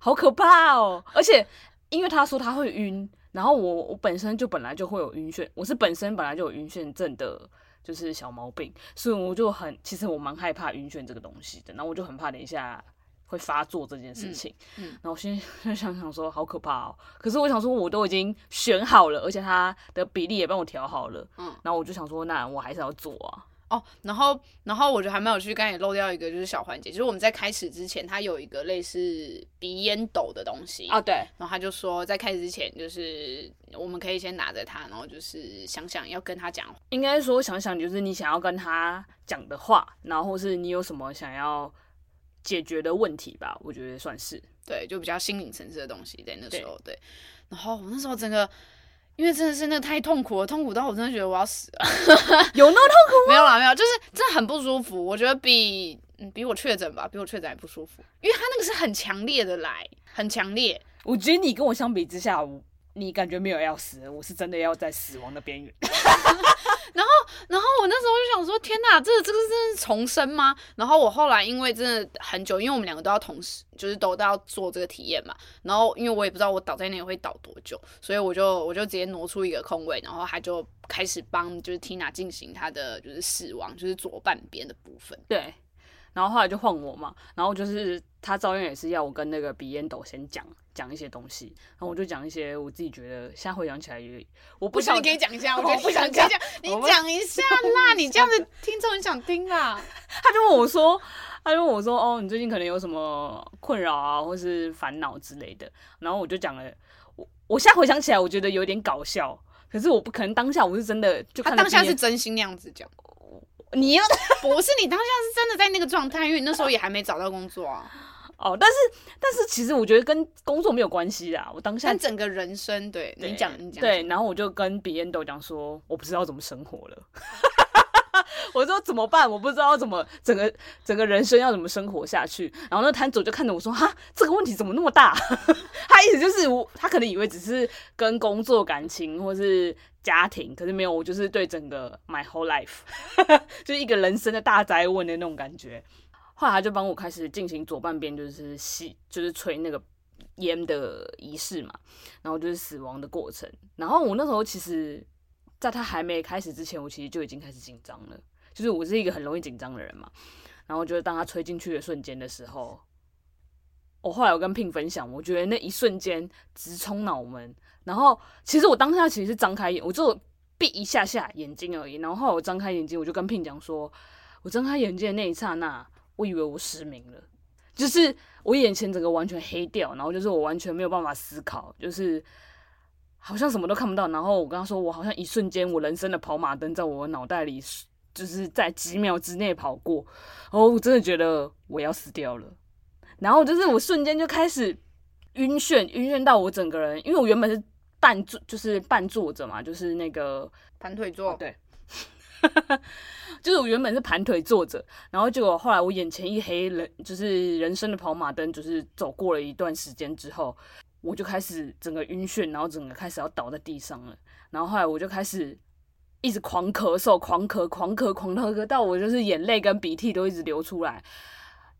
好可怕哦、喔！而且因為他說他會暈。然後我我本身就本來就會有暈眩，我是本身本來就有暈眩症的，就是小毛病，所以我就很其實我蠻害怕暈眩這個東西的。然後我就很怕等一下會發作這件事情。嗯，嗯。然後現在想想說好可怕哦，可是我想說我都已經選好了，而且它的比例也幫我調好了。嗯。然後我就想說那我還是要做啊。哦，然後，然後我覺得還沒有去，剛才也漏掉一個就是小環節，就是我們在開始之前，他有一個類似鼻煙斗的東西啊，對，然後他就說在開始之前，就是我們可以先拿着它，然後就是想想要跟他講，應該說想想就是你想要跟他講的話，然後或是你有什麼想要解決的問題吧，我覺得算是，對，就比較心靈層次的東西，在那時候，對，對，然後我那時候整個。因為真的是那個太痛苦了，痛苦到我真的覺得我要死了。有那麼痛苦嗎？ 沒有啦，沒有，就是真的很不舒服。我覺得比比我確診吧，比我確診還不舒服，因為他那個是很強烈的來，很強烈。我覺得你跟我相比之下，你感覺沒有要死，我是真的要在死亡的邊緣。 然後，然後我那時候就想說，天哪，這個、這個真的是重生嗎？然後我後來因為真的很久，因為我們兩個都要同時，就是都都要做這個體驗嘛。然後因為我也不知道我倒在那裡會倒多久，所以我就我就直接挪出一個空位，然後他就開始幫就是 Tina 進行他的就是死亡，就是左半邊的部分。對。然後後來就換我嘛，然後就是他照樣也是要我跟那個鼻煙斗先講講一些東西，然後我就講一些我自己覺得現在回想起來，我不想跟你講一下，我不想跟你講，你講一下，那你這樣子聽眾很想聽啊。他就問我說，他就問我說，哦，你最近可能有什麼困擾啊，或是煩惱之類的，然後我就講了，我我現在回想起來，我覺得有點搞笑，可是我不可能當下我是真的，就他當下是真心那樣子講。你要，不是 你當下是真的在那個狀態，因為你那時候也還沒找到工作啊。哦，但是但是，其實我覺得跟工作沒有關係啦。我當下整個人生，對，對你講，你講，對。然後我就跟別人都講說，我不知道怎麼生活了。 我說怎麼辦？我不知道怎麼整個整個人生要怎麼生活下去。然後那攤主就看着我說：“哈，這個問題怎麼那麼大？” 他意思就是，我他可能以為只是跟工作感情，或是。家庭，可是沒有我就是對整個 my whole life， 就是一個人生的大哉問的那種感覺。後來他就幫我開始進行左半邊就是吸，就是吹那個煙的儀式嘛，然後就是死亡的過程。然後我那時候其實在他還沒開始之前，我其實就已經開始緊張了，就是我是一個很容易緊張的人嘛。然後就是當他吹進去的瞬間的時候。我、哦、後來有跟 Pin 分享，我覺得那一瞬間直衝腦門，然後其實我當下其實是張開眼，我就閉一下下眼睛而已，然後後來我張開眼睛，我就跟 Pin 講說，我張開眼睛的那一剎那，我以為我失明了，就是我眼前整個完全黑掉，然後就是我完全沒有辦法思考，就是好像什麼都看不到，然後我跟他說，我好像一瞬間，我人生的跑馬燈在我腦袋裡，就是在幾秒之內跑過，哦，我真的覺得我要死掉了。然後就是我瞬間就開始暈眩，暈眩到我整個人，因為我原本是半坐，就是半坐着嘛，就是那個盤腿坐，哦、對， 就是我原本是盤腿坐着，然後結果後來我眼前一黑人，人就是人生的跑馬燈，就是走過了一段時間之後，我就開始整個暈眩，然後整個開始要倒在地上了，然後後來我就開始一直狂咳嗽，狂咳，狂咳，狂咳咳，到我就是眼淚跟鼻涕都一直流出來。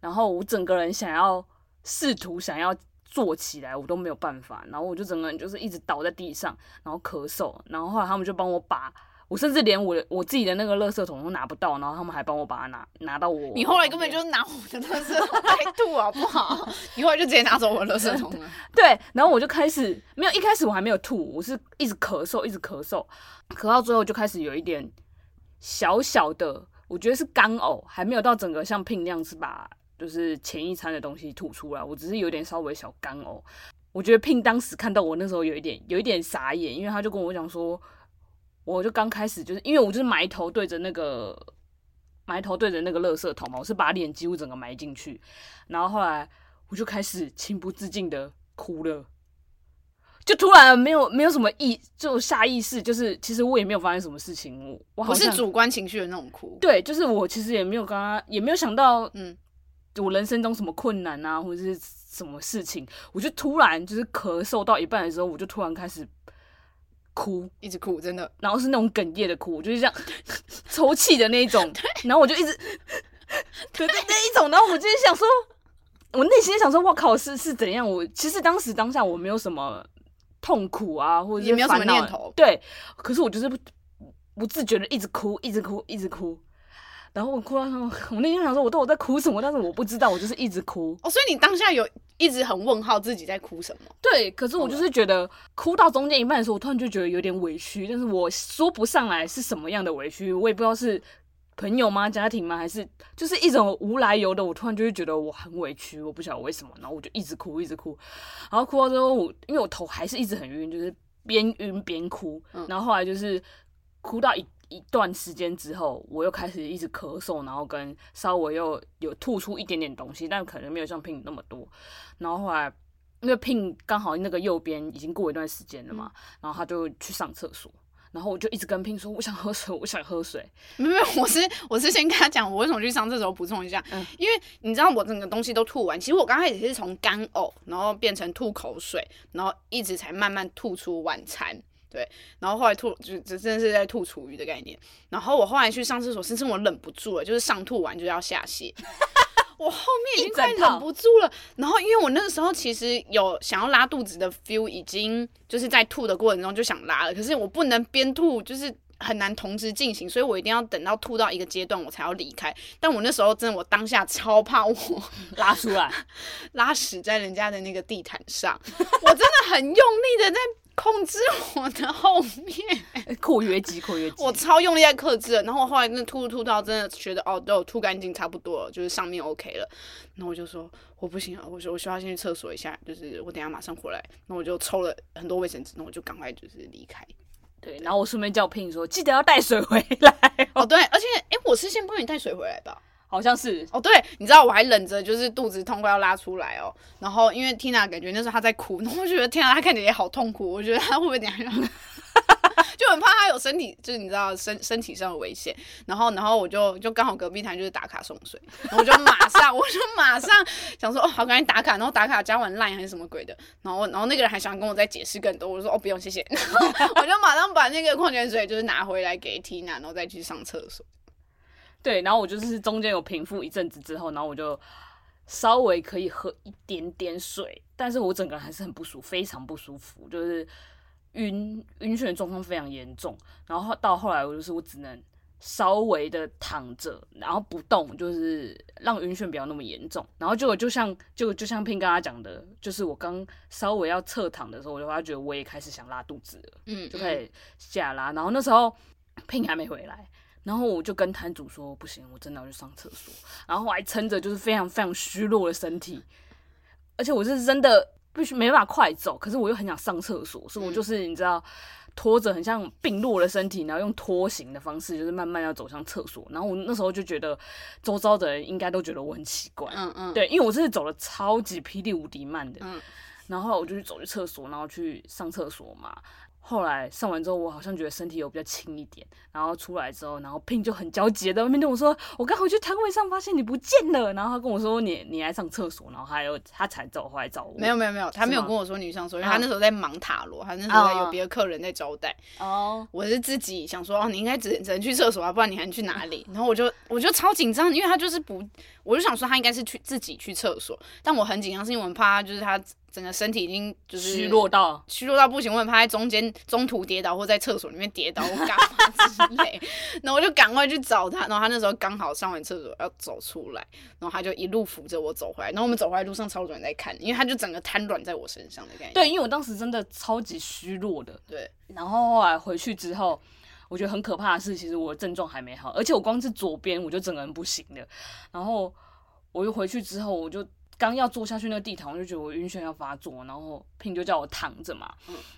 然後我整個人想要試圖想要坐起來，我都沒有辦法。然後我就整個人就是一直倒在地上，然後咳嗽。然後後來他們就幫我把，我甚至連我的我自己的那個垃圾桶都拿不到。然後他們還幫我把它拿拿到我。你後來根本就是拿我的垃圾桶來吐，好不好？ 你後來就直接拿走我的垃圾桶 對，對，然後我就開始沒有，一開始我還沒有吐，我是一直咳嗽一直咳嗽，咳到最後就開始有一點小小的，我覺得是乾嘔，還沒有到整個像噴那樣子吧。就是前一餐的東西吐出來，我只是有點稍微小乾嘔。我覺得 Pin 當時看到我那時候有一點有一點傻眼，因為他就跟我講說，我就剛開始就是因為我就是埋頭對着那個埋頭對着那個樂色桶嘛，我是把臉幾乎整個埋進去，然後後來我就開始情不自禁的哭了，就突然沒有沒有什麼意，就下意識就是其實我也沒有發生什麼事情，我，我不是主觀情緒的那種哭。對，就是我其實也沒有跟他也沒有想到嗯。我人生中什麼困難啊，或者是什麼事情，我就突然就是咳嗽到一半的時候，我就突然開始哭，一直哭，真的，然後是那種哽咽的哭，我就是這樣對抽泣的那一種，然後我就一直，對，對對那一種，然後我就是想說，我內心想說，哇靠，是是怎樣？我其實當時當下我沒有什麼痛苦啊，或者是也沒有什麼念頭，對，可是我就是不不自覺的一直哭，一直哭，一直哭。然後我哭到之後，我那天想說，我到底在哭什麼？但是我不知道，我就是一直哭。哦，所以你當下有一直很問號，自己在哭什麼？對，可是我就是覺得哭到中間一半的時候，我突然就覺得有點委屈，但是我說不上來是什麼樣的委屈，我也不知道是朋友嗎？家庭嗎？還是就是一種無來由的，我突然就會覺得我很委屈，我不曉得為什麼。然後我就一直哭，一直哭，然後哭到之後，我因為我頭還是一直很暈，就是邊暈邊哭。嗯，然後後來就是哭到一。一段時間之後，我又開始一直咳嗽，然後跟稍微又有吐出一點點東西，但可能沒有像 Pin 那麼多。然後後來，那個 Pin 剛好那個右邊已經過一段時間了嘛，嗯、然後他就去上廁所，然後我就一直跟 Pin 說：“我想喝水，我想喝水。”沒有，沒有，我是我是先跟他講我為什麼去上廁所補充一下，嗯、因為你知道我整個東西都吐完，其實我剛開始是從乾嘔，然後變成吐口水，然後一直才慢慢吐出晚餐。對，然後後來吐，就真真的是在吐廚餘的概念。然後我後來去上廁所，甚至我忍不住了，就是上吐完就要下瀉。 我後面已經在忍不住了。然後因為我那個時候其實有想要拉肚子的 feel，已經就是在吐的過程中就想拉了。可是我不能邊吐，就是很難同時進行，所以我一定要等到吐到一個階段我才要離開。但我那時候真的，我當下超怕我 拉出來 拉屎在人家的那個地毯上，我真的很用力的在。控制我的後面，括約肌，括約肌，我超用力在克制，然後我後來那吐吐到真的覺得哦，都有吐乾淨差不多了，就是上面 OK 了。然後我就說我不行了，我說我需要先去廁所一下，就是我等下馬上回來。那我就抽了很多衛生紙，然後我就趕快就是離開。對，然後我順便叫 Pin 說記得要帶水回來。哦，對，對，而且哎，我是先幫你帶水回來吧。好像是哦，對，你知道我還忍着，就是肚子痛快要拉出來哦。然後因為 Tina 感覺那時候她在哭，然後我覺得 Tina、啊、她看起來好痛苦，我覺得她會不會怎樣？ 就很怕她有身體，就是你知道身身體上有危險。然後，然後我就就剛好隔壁台就是打卡送水，然後我就馬上 我就馬上想說哦，好，趕緊打卡。然後打卡加完賴還是什麼鬼的。然後，然後那個人還想跟我再解釋更多，我就說哦，不用，謝謝。然後我就馬上把那個礦泉水就是拿回來給 Tina，然後再去上廁所。對，然後我就是中間有平復一陣子之後，然後我就稍微可以喝一點點水，但是我整個人還是很不舒服，非常不舒服，就是暈暈眩的狀況非常嚴重。然後到後來，我就是我只能稍微的躺着，然後不動，就是讓暈眩不要那麼嚴重。然後就就像就就像 Pin 剛剛講的，就是我剛稍微要側躺的時候，我就發覺我也開始想拉肚子了，嗯，就開始下拉。嗯，然後那時候 Pin 還沒回來。然後我就跟攤主說：“不行，我真的要去上廁所。”然後還撐着就是非常非常虛弱的身體，而且我是真的必須沒辦法快走，可是我又很想上廁所，所以我就是你知道拖着很像病弱的身體，然後用拖行的方式就是慢慢要走向廁所。然後我那時候就覺得，周遭的人應該都覺得我很奇怪，嗯嗯，對，因為我真是走得超級霹靂無敵慢的，嗯，然後後來我就去走去廁所，然後去上廁所嘛。後來上完之後，我好像覺得身體有比較輕一點，然後出來之後，然後 Pin 就很焦急，在外面對我說：“我剛回去攤位上發現你不見了。”然後他跟我說你：“你你來上廁所。”然後他又他才走回來找我。沒有沒有沒有，他沒有跟我說你上廁所，是嗎？因為他那時候在忙塔羅，uh, 他那時候有別的客人在招待。哦、uh，uh. oh. 我是自己想說哦，你應該只能只能去廁所啊，不然你還能去哪裡？然後我就我就超緊張，因為他就是不，我就想說他應該是去自己去廁所，但我很緊張，是因為我怕他就是他。整個身體已經就是虛弱到虛弱到不行，我怕在中間，中途跌倒或在廁所裡面跌倒，我幹嘛之類，那我就趕快去找他，然後他那時候剛好上完廁所要走出來，然後他就一路扶着我走回來，然後我們走回來路上超多人在看，因為他就整個癱軟在我身上的感覺。對，因為我當時真的超級虛弱的。對，然後後來回去之後，我覺得很可怕的是，其實我的症狀還沒好，而且我光是左邊，我就整個人不行了。然後我又回去之後，我就。剛要坐下去那個地毯，我就覺得我暈眩要發作，然後 Pin 就叫我躺着嘛。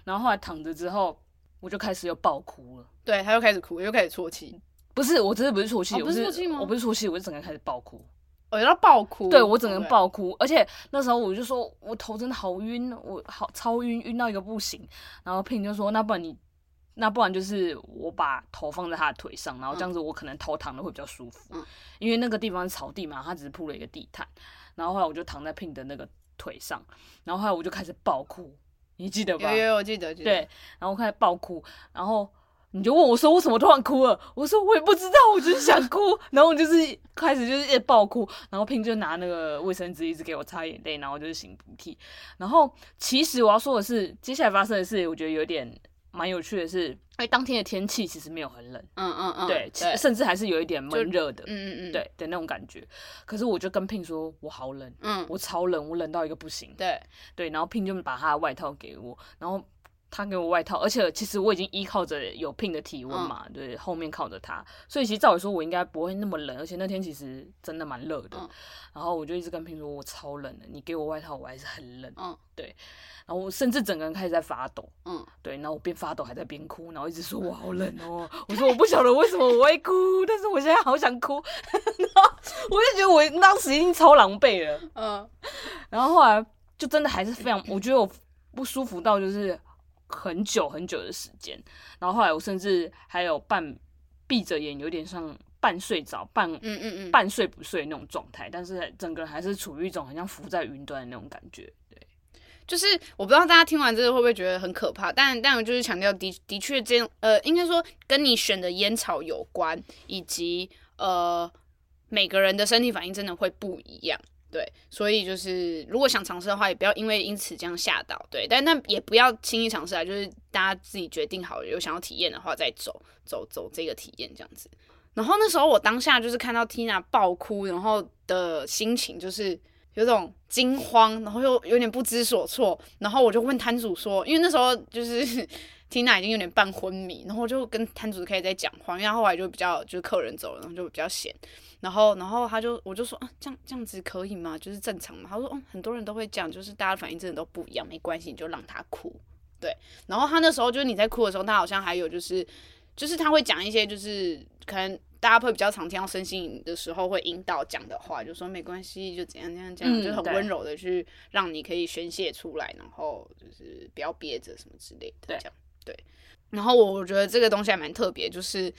然後後來躺着之後，我就開始又爆哭了、嗯。對，他又開始哭，又開始啜泣。不是，我真的不是啜泣、哦，我不是啜泣，我不是啜泣，我是整個開始爆哭。我、哦、要爆哭！對，我整個人爆哭，哦、而且那時候我就說我頭真的好暈，我好超暈，暈到一個不行。然後 Pin 就說：“那不然你，那不然就是我把頭放在他的腿上，然後這樣子我可能頭躺的會比較舒服，嗯、因為那個地方是草地嘛，他只是鋪了一個地毯。”然後後來我就躺在 Pin 的那個腿上，然後後來我就開始爆哭，你記得吧？有有有，我記得，記得。對，然後我開始爆哭，然後你就問我說：“為什麼突然哭了？”我說：“我也不知道，我就是想哭。” 然後我就是開始就是一直爆哭，然後 Pin 就拿那個衛生紙一直給我擦眼淚，然後就是擤鼻涕。然後其實我要說的是，接下來發生的事，我覺得有點。蠻有趣的是，哎、欸，當天的天氣其實沒有很冷，嗯嗯嗯，對，對其實甚至還是有一點悶熱的，嗯就對嗯嗯，對的那種感覺。可是我就跟 Pin 說，我好冷，嗯，我超冷，我冷到一個不行，對對。然後 Pin 就把他的外套給我，然後。他給我外套，而且其實我已經依靠着有 Pin 的體溫嘛，嗯、對，後面靠着他，所以其實照理說，我應該不會那麼冷。而且那天其實真的蠻熱的，嗯、然後我就一直跟 Pin 說，我超冷的，你給我外套，我還是很冷。嗯、對，然後我甚至整個人開始在發抖。嗯、對，然後我邊發抖還在邊哭，然後一直說，我好冷哦、喔。嗯、我說我不曉得為什麼我會哭， 但是我現在好想哭。 然後我就覺得我當時已經超狼狽了。嗯、然後後來就真的還是非常，我覺得我不舒服到就是。很久很久的時間，然後後來我甚至還有半閉着眼，有點像半睡着、半嗯嗯嗯、半睡不睡那種狀態，但是整個人還是處於一種好像浮在雲端的那種感覺。對，就是我不知道大家聽完這個會不會覺得很可怕，但但我就是強調的的確這樣，呃，應該說跟你選的煙草有關，以及呃每個人的身體反應真的會不一樣。對，所以就是如果想嘗試的話，也不要因為因此這樣嚇到，對。但那也不要輕易嘗試啊，就是大家自己決定好，有想要體驗的話再走走走這個體驗這樣子。然後那時候我當下就是看到 Tina 爆哭，然後的心情就是有種驚慌，然後又有點不知所措，然後我就問攤主說，因為那時候就是。 Tina 已經有點半昏迷，然後我就跟攤主可以再講話，因為他後來就比較就是客人走了，然後就比較閒，然後然後他就我就說啊，這樣這樣子可以嗎？就是正常嗎？他說，嗯、哦，很多人都會講，就是大家的反應真的都不一樣，沒關係，你就讓他哭，對。然後他那時候就是你在哭的時候，他好像還有就是就是他會講一些就是可能大家會比較常聽到身心靈的時候會引導講的話，就說沒關係，就怎樣怎樣講，嗯、就很溫柔的去讓你可以宣泄出來，對然後就是不要憋着什麼之類的這樣。對對，然後我我覺得這個東西還蠻特別，就是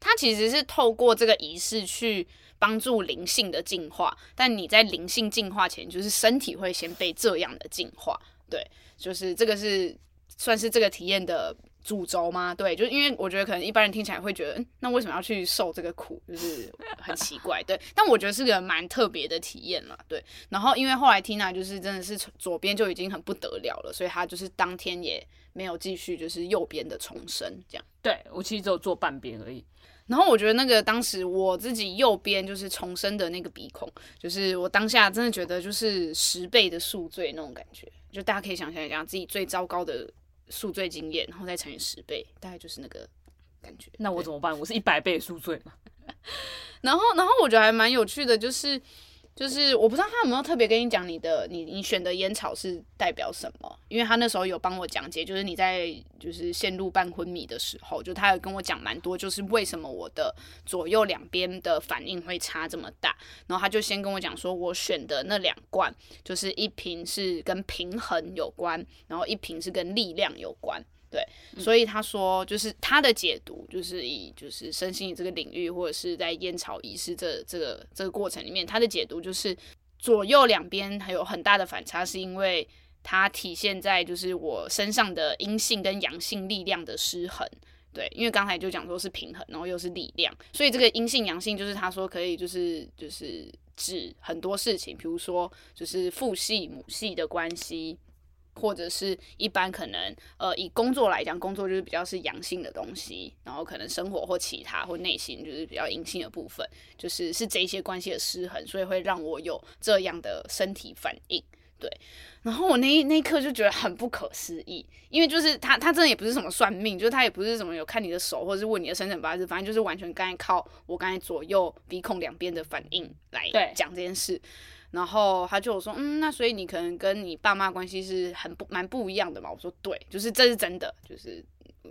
它其實是透過這個儀式去幫助靈性的進化，但你在靈性進化前，就是身體會先被這樣的進化，對，就是這個是算是這個體驗的主軸嗎？對，就是因為我覺得可能一般人聽起來會覺得，嗯，那為什麼要去受這個苦？就是很奇怪，對。但我覺得是個蠻特別的體驗嘛，對。然後因為後來聽 i 就是真的是左邊就已經很不得了了，所以他就是當天也沒有繼續就是右邊的重生這樣。對，我其實只有做半邊而已。然後我覺得那個當時我自己右邊就是重生的那個鼻孔，就是我當下真的覺得就是十倍的宿罪那種感覺，就大家可以想象一下自己最糟糕的宿醉經驗，然後再乘以十倍，大概就是那個感覺。那我怎麼辦？ 我是一百倍宿醉嗎？ 然後，然後我覺得還蠻有趣的，就是。就是我不知道他有沒有特別跟你講你的你你選的煙草是代表什麼，因為他那時候有幫我講解，就是你在就是陷入半昏迷的時候，就他有跟我講蠻多，就是為什麼我的左右兩邊的反應會差這麼大，然後他就先跟我講說我選的那兩罐，就是一瓶是跟平衡有關，然後一瓶是跟力量有關。對，所以他說，就是他的解讀，就是以就是身心這個領域，或者是在菸草儀式這個、這個這個過程裡面，他的解讀就是左右兩邊還有很大的反差，是因為它體現在就是我身上的陰性跟陽性力量的失衡。對，因為剛才就講說是平衡，然後又是力量，所以這個陰性陽性就是他說可以就是就是指很多事情，比如說就是父系母系的關係。或者是一般可能，呃，以工作來講，工作就是比較是陽性的東西，然後可能生活或其他或內心就是比較陰性的部分，就是是這些關係的失衡，所以會讓我有這樣的身體反應。對，然後我那一那一刻就覺得很不可思議，因為就是他他真的也不是什麼算命，就是他也不是什麼有看你的手或者是問你的生辰八字，反正就是完全剛才靠我剛才左右鼻孔兩邊的反應來講這件事。然後他就說，嗯，那所以你可能跟你爸媽關係是很不蠻不一樣的嘛。我說對，就是這是真的，就是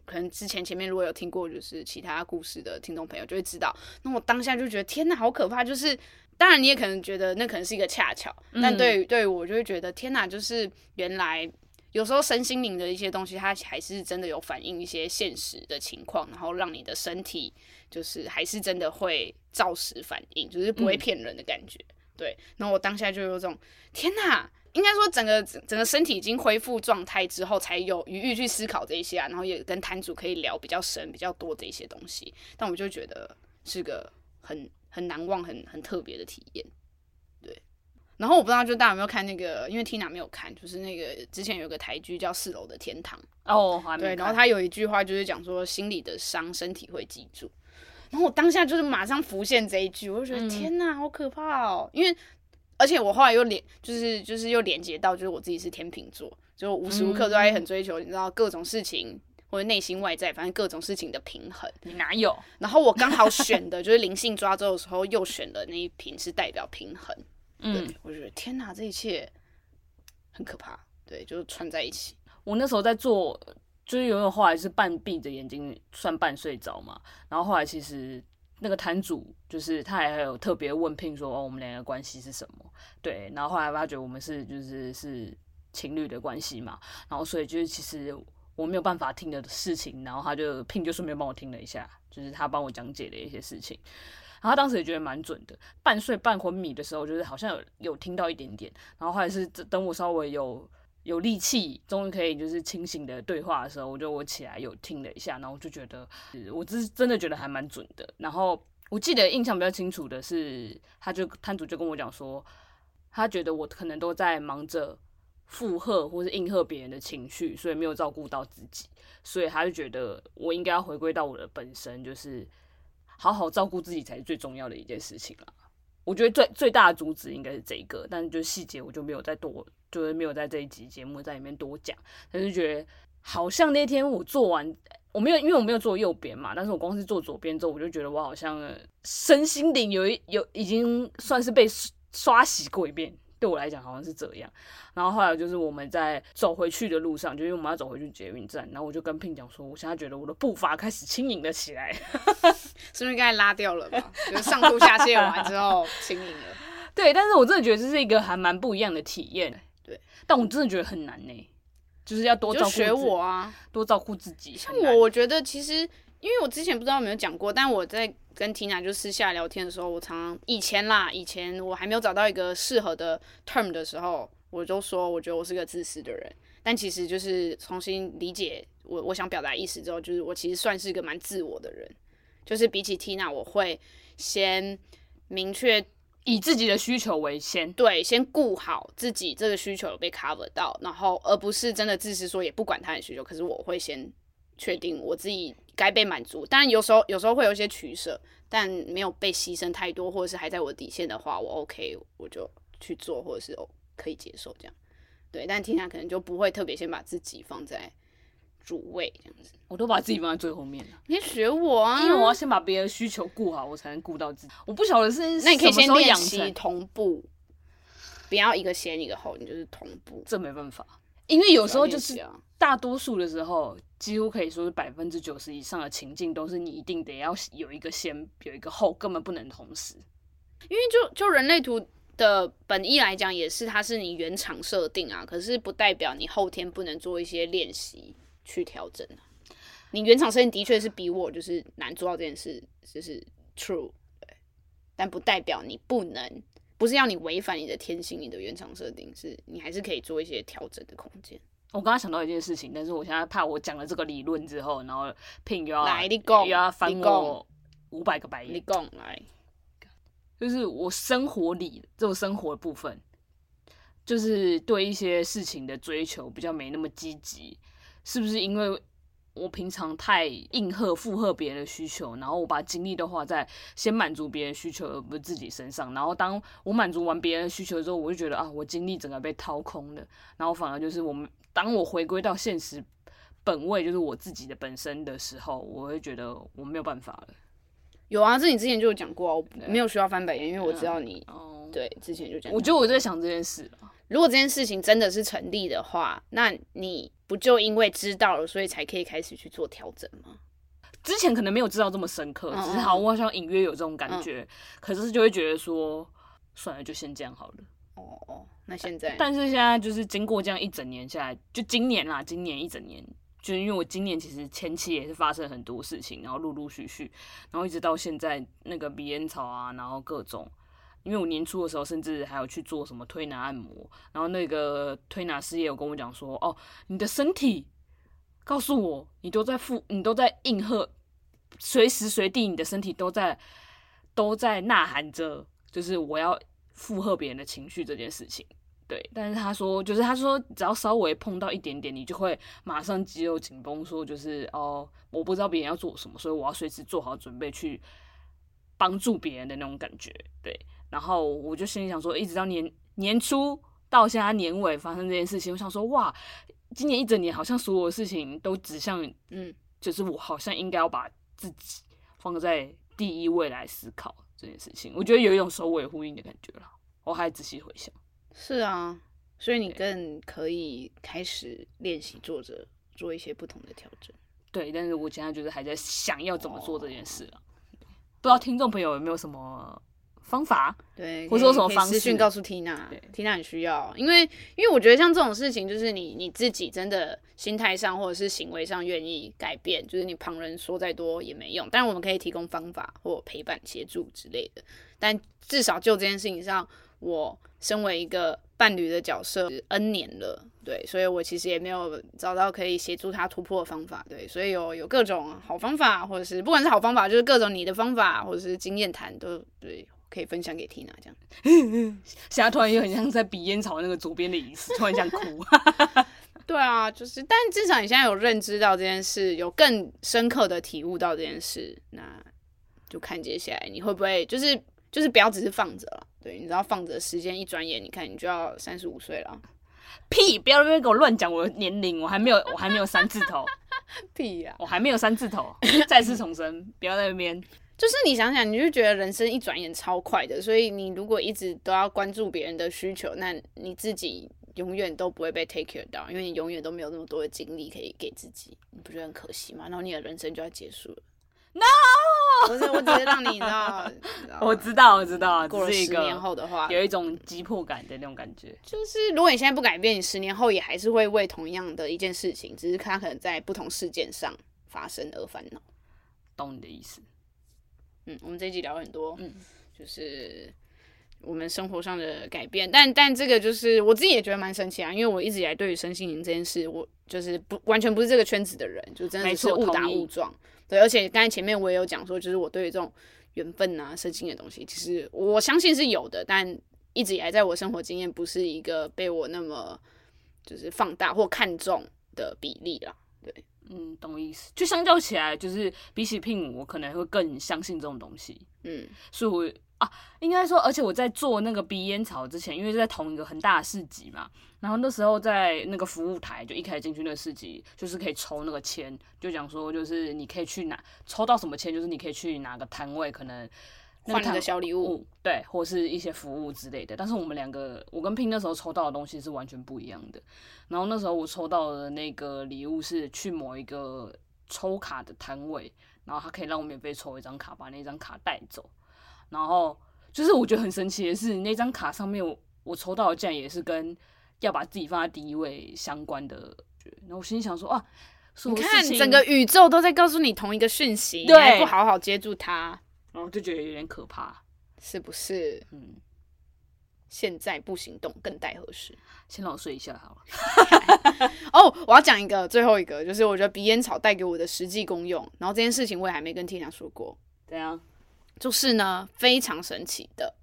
可能之前前面如果有聽過就是其他故事的聽眾朋友就會知道。那我當下就覺得天哪，好可怕！就是當然你也可能覺得那可能是一個恰巧，嗯、但對於對於我就會覺得天哪，就是原來有時候身心靈的一些東西，它還是真的有反映一些現實的情況，然後讓你的身體就是還是真的會照實反應，就是不會騙人的感覺。嗯對，然後我當下就有這種，天哪，應該說整個整，整個身體已經恢復狀態之後，才有餘裕去思考這些啊，然後也跟攤主可以聊比較深比較多的一些東西，但我就覺得是個很很難忘、很很特別的體驗。對，然後我不知道就大家有沒有看那個，因為 Tina 沒有看，就是那個之前有個台劇叫《四樓的天堂》哦，oh, 對，沒看，然後他有一句話就是講說，心裡的傷，身體會記住。然後我當下就是馬上浮現這一句，我就覺得天哪，嗯、好可怕哦！因為而且我後來又連就是就是又連接到，就是我自己是天秤座，就無時無刻都在很追求，嗯、你知道各種事情或者內心外在，反正各種事情的平衡。你哪有？然後我剛好選的就是靈性抓周的時候， 又選的那一瓶是代表平衡。嗯，我就覺得天哪，這一切很可怕。對，就是串在一起。我那時候在做。就是有有後來是半閉着眼睛，算半睡着嘛。然後後來其實那個攤主就是他，還有特別問 Pin 說：“哦，我們兩個關係是什麼？”對，然後後來發覺我們是就是是情侶的關係嘛。然後所以就是其實我沒有辦法聽的事情，然後他就 Pin 就順便幫我聽了一下，就是他幫我講解的一些事情。然後他當時也覺得蠻準的，半睡半昏迷的時候，就是好像有有聽到一點點。然後後來是等我稍微有。有力氣，終於可以就是清醒的對話的時候，我就我起來有聽了一下，然後我就覺得我真真的覺得還蠻準的。然後我記得印象比較清楚的是，他就壇主就跟我講說，他覺得我可能都在忙着附和或是應和別人的情緒，所以沒有照顧到自己，所以他就覺得我應該要回歸到我的本身，就是好好照顧自己才是最重要的一件事情啦。我覺得最最大的主旨應該是這個，但是就細節我就沒有再多就是沒有在這一集節目在裡面多講，他就覺得好像那天我做完，我沒有因為我沒有做右邊嘛，但是我光是做左邊之後，我就覺得我好像身心靈有一有已經算是被刷洗過一遍，對我來講好像是這樣。然後後來就是我們在走回去的路上，就因為我們要走回去捷運站，然後我就跟 Pin 講說，我現在覺得我的步伐開始輕盈了起來。哈哈，是不是剛才拉掉了，就是上吐下瀉完之後輕盈了。 對，但是我真的覺得這是一個還蠻不一樣的體驗。對，但我真的覺得很難呢、欸，就是要多照顧自己，就學我啊，多照顧自己。像我，我覺得其實，因為我之前不知道有沒有講過，但我在跟 Tina 就私下聊天的時候，我常常，以前啦，以前我還沒有找到一個適合的 term 的時候，我就說我覺得我是個自私的人。但其實就是重新理解我我想表達意思之後，就是我其實算是一個蠻自我的人，就是比起 Tina，我會先明確。以自己的需求為先，對，先顧好自己這個需求有被 cover 到，然後而不是真的自私說，也不管他的需求，可是我會先確定我自己該被滿足。但有時候，有時候會有一些取捨，但沒有被犧牲太多，或者是還在我底線的話，我 OK，我就去做，或者是哦可以接受這樣，對。但 Tina 可能就不會特別先把自己放在。主謂這樣子，我都把自己放在最後面了。嗯、你學我啊，因為我要先把別人需求顧好，我才能顧到自己。我不曉得是，那你可以先練習同步，不要一個先一個後，你就是同步。這沒辦法，因為有時候就是大多數的時候，啊、幾乎可以說是百分之九十以上的情境都是你一定得要有一個先有一個後，根本不能同時。因為就就人類圖的本意來講，也是它是你原廠設定啊，可是不代表你後天不能做一些練習。去調整你原廠設定，的確是比我就是難做到這件事，就是 true，但不代表你不能，不是要你違反你的天性，你的原廠設定，是你還是可以做一些調整的空間。我剛剛想到一件事情，但是我現在怕我講了這個理論之後，然後 Pin 又你又要，你要翻我五百個白眼。你來，就是我生活裡這種生活的部分，就是對一些事情的追求比較沒那麼積極。是不是因為我平常太應和附和別人的需求，然後我把精力都花在先滿足別人需求，而不是自己身上？然後當我滿足完別人的需求之後，我就覺得啊，我精力整個被掏空了。然後反而就是我們當我回歸到現實本位，就是我自己的本身的時候，我會覺得我沒有辦法了。有啊，這你之前就有講過哦、啊，我沒有需要翻白眼，對因為我知道你、uh, 對，之前就講過。我覺得我在想這件事、啊。如果這件事情真的是成立的話，那你。不就因為知道了，所以才可以開始去做調整嗎？之前可能沒有知道這麼深刻，只是好，我好像隱約有這種感覺，嗯嗯嗯嗯，可是就會覺得說，算了，就先這樣好了。哦哦，那現在但，但是現在就是經過這樣一整年下來，就今年啦，今年一整年，就是因為我今年其實前期也是發生很多事情，然後陸陸續續，然後一直到現在那個鼻煙草啊，然後各種。因為我年初的時候，甚至還有去做什麼推拿按摩，然後那個推拿師也有跟我講說：“哦，你的身體告訴我，你都在附，你都在應和，隨時隨地你的身體都在都在吶喊着，就是我要附和別人的情緒這件事情。”對，但是他說，就是他說，只要稍微碰到一點點，你就會馬上肌肉緊繃，說就是哦，我不知道別人要做什麼，所以我要隨時做好準備去。幫助別人的那種感覺，對。然後我就心裡想說，一直到年年初到現在年尾發生這件事情，我想說，哇，今年一整年好像所有事情都指向，嗯，就是我好像應該要把自己放在第一位來思考這件事情。我覺得有一種首尾呼應的感覺了。我還仔細回想，是啊，所以你更可以開始練習，做着對做一些不同的調整。對，但是我現在就是還在想要怎麼做這件事啊。不知道聽眾朋友有沒有什麼方法，對，或者說什麼方式，私訊告訴緹娜，緹娜很需要，因為因為我覺得像這種事情，就是你你自己真的心態上或者是行為上願意改變，就是你旁人說再多也沒用。但是我們可以提供方法或陪伴協助之類的，但至少就這件事情上，我身為一個伴侶的角色是 N 年了，對，所以我其實也沒有找到可以協助他突破的方法，對，所以有有各種好方法，或者是不管是好方法，就是各種你的方法或者是經驗談，都對可以分享給 Tina 這樣。嗯嗯，現在 突然又很像在比煙草的那個左邊的意思， 突然想哭。 對啊，就是，但至少你現在有認知到這件事，有更深刻的體悟到這件事，那就看接下來你會不會，就是就是不要只是放着了。對，你知道放着時間一轉眼，你看你就要三十五歲了。屁！不要在這邊給我亂講我的年齡，我還沒有，我還沒有三字頭。屁呀！我還沒有三字頭。再次重申，不要在這邊。就是你想想，你就覺得人生一轉眼超快的。所以你如果一直都要關注別人的需求，那你自己永遠都不會被 take care 到，因為你永遠都沒有那麼多的精力可以給自己。你不覺得很可惜嗎？然後你的人生就要結束了。No，我 我只是讓你知道，我 知道我知道。知道嗯，過了十年後的話，一有一種急迫感的那種感覺。就是如果你現在不改變，你十年後也還是會為同樣的一件事情，只是看它可能在不同事件上發生而煩惱。懂你的意思。嗯，我們這一集聊很多，嗯，就是我們生活上的改變。但但這個就是我自己也覺得蠻神奇啊，因為我一直以來對於身心靈這件事，我就是不完全不是這個圈子的人，就真的是誤打誤撞。對，而且剛才前面我也有講說，就是我對於這種緣分啊、神蹟的東西，其實我相信是有的，但一直以來在我生活經驗不是一個被我那麼就是放大或看重的比例啦。對，嗯，懂我意思。就相較起來，就是比起 Pin，我可能會更相信這種東西。嗯，所以我。啊、應該說，而且我在做那個鼻煙草之前，因為是在同一個很大的市集嘛，然後那時候在那個服務台，就一開始進去那個市集，就是可以抽那個籤，就講說就是你可以去哪，抽到什麼籤，就是你可以去哪個攤位，可能換一個小禮物，對，或是一些服務之類的。但是我們兩個，我跟 Pin 那時候抽到的東西是完全不一樣的。然後那時候我抽到的那個禮物是去某一個抽卡的攤位，然後他可以讓我免費抽一張卡，把那張卡帶走。然後就是我覺得很神奇的是，那張卡上面我我抽到的竟然也是跟要把自己放在第一位相關的。然後我心裡想說啊，你看整個宇宙都在告訴你同一個訊息，對還你不好好接住它，然後我就覺得有點可怕，是不是？嗯，現在不行動更待何時？先老說一下好了。哦， oh, 我要講一個最後一個，就是我覺得鼻煙草帶給我的實際功用。然後這件事情我也還沒跟 Tina 說過。對啊。就是呢，非常神奇的。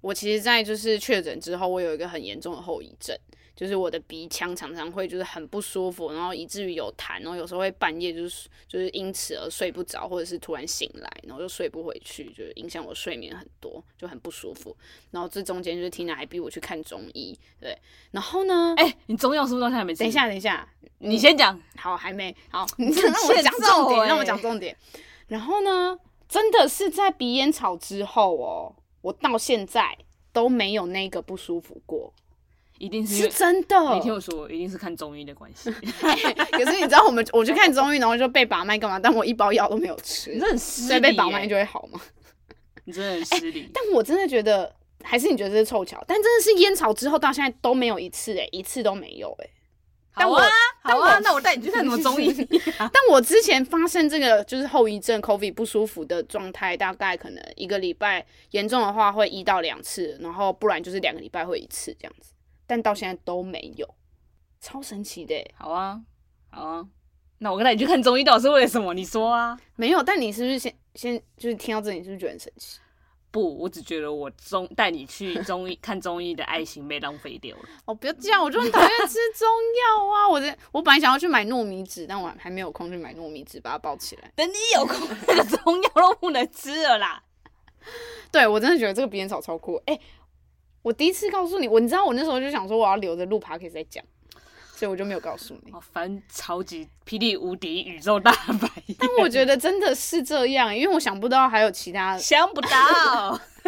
我其實，在就是確診之後，我有一個很嚴重的後遺症，就是我的鼻腔常常會就是很不舒服，然後以至於有痰，然後有時候會半夜就是就是因此而睡不着，或者是突然醒來，然後又睡不回去，就是、影響我睡眠很多，就很不舒服。然後這中間就是緹娜還逼我去看中醫，對。然後呢？哎、欸，你中藥是不是到現在還沒吃？等一下，等一下，嗯、你先講。好，還沒。好，你先讓我講重點，欸、讓我講重點。然後呢？真的是在鼻菸草之後哦，我到現在都沒有那個不舒服過，一定是是真的。你聽我說，一定是看中醫的關係。 可是你知道我，我們我去看中醫，然後就被把脈幹嘛？但我一包藥都沒有吃，你真的很失禮。對，被把脈就會好嗎？你真的很失禮、欸。但我真的覺得，還是你覺得這是湊巧？但真的是菸草之後到現在都沒有一次、欸，哎，一次都沒有、欸，哎。好啊，我好啊，我是那我帶你去看你去什麼中醫。 但我之前發生這個就是後遺症，COVID 不舒服的狀態，大概可能一個禮拜，嚴重的話會一到兩次，然後不然就是兩個禮拜會一次這樣子。但到現在都沒有，超神奇的。好啊，好啊，那我帶你去看中醫到底是為了什麼？你說啊， 沒有。但你是不是先先就是聽到這裡是不是覺得很神奇？不，我只覺得我中帶你去中醫看中醫的愛情被浪費掉了。哦，不要這樣，我就很討厭吃中藥啊！我的，我本來想要去買糯米紙，但我還沒有空去買糯米紙把它包起來。等你有空，這個中藥都不能吃了啦。 對，我真的覺得這個鼻煙草超酷。誒、欸，我第一次告訴你，我你知道我那時候就想說，我要留着錄趴可以再講。所以我就沒有告訴你。喔、反正超級霹靂無敵宇宙大白。但我覺得真的是這樣，因為我想不到還有其他。想不到。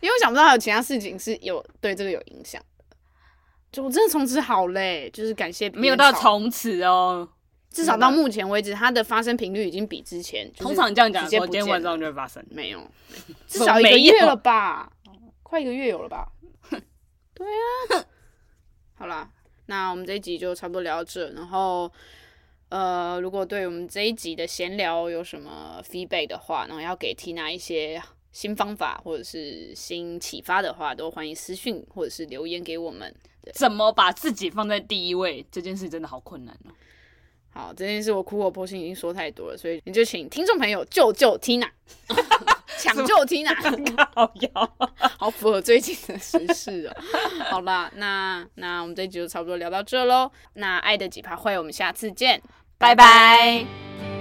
因為我想不到還有其他事情是有對這個有影響。就我真的從此好嘞，就是感謝沒有到從此哦。至少到目前為止，那它的發生頻率已經比之前。通常這樣講，我今天晚上就會發生。沒有，至少一個月了吧？哦、快一個月有了吧？ 對啊。好啦。那我們這一集就差不多聊到這，然後，呃，如果對我們這一集的閒聊有什麼 feedback 的話，然後要給 Tina 一些新方法或者是新啟發的話，都歡迎私訊或者是留言給我們。怎麼把自己放在第一位？這件事真的好困難哦。好，這件事我苦口婆心已經說太多了，所以你就請聽眾朋友救救 Tina， 搶救 Tina，好, 好符合最近的時事啊。 好吧，那那我們這集就差不多聊到這嘍。那愛的幾趴火，我們下次見，拜拜。拜拜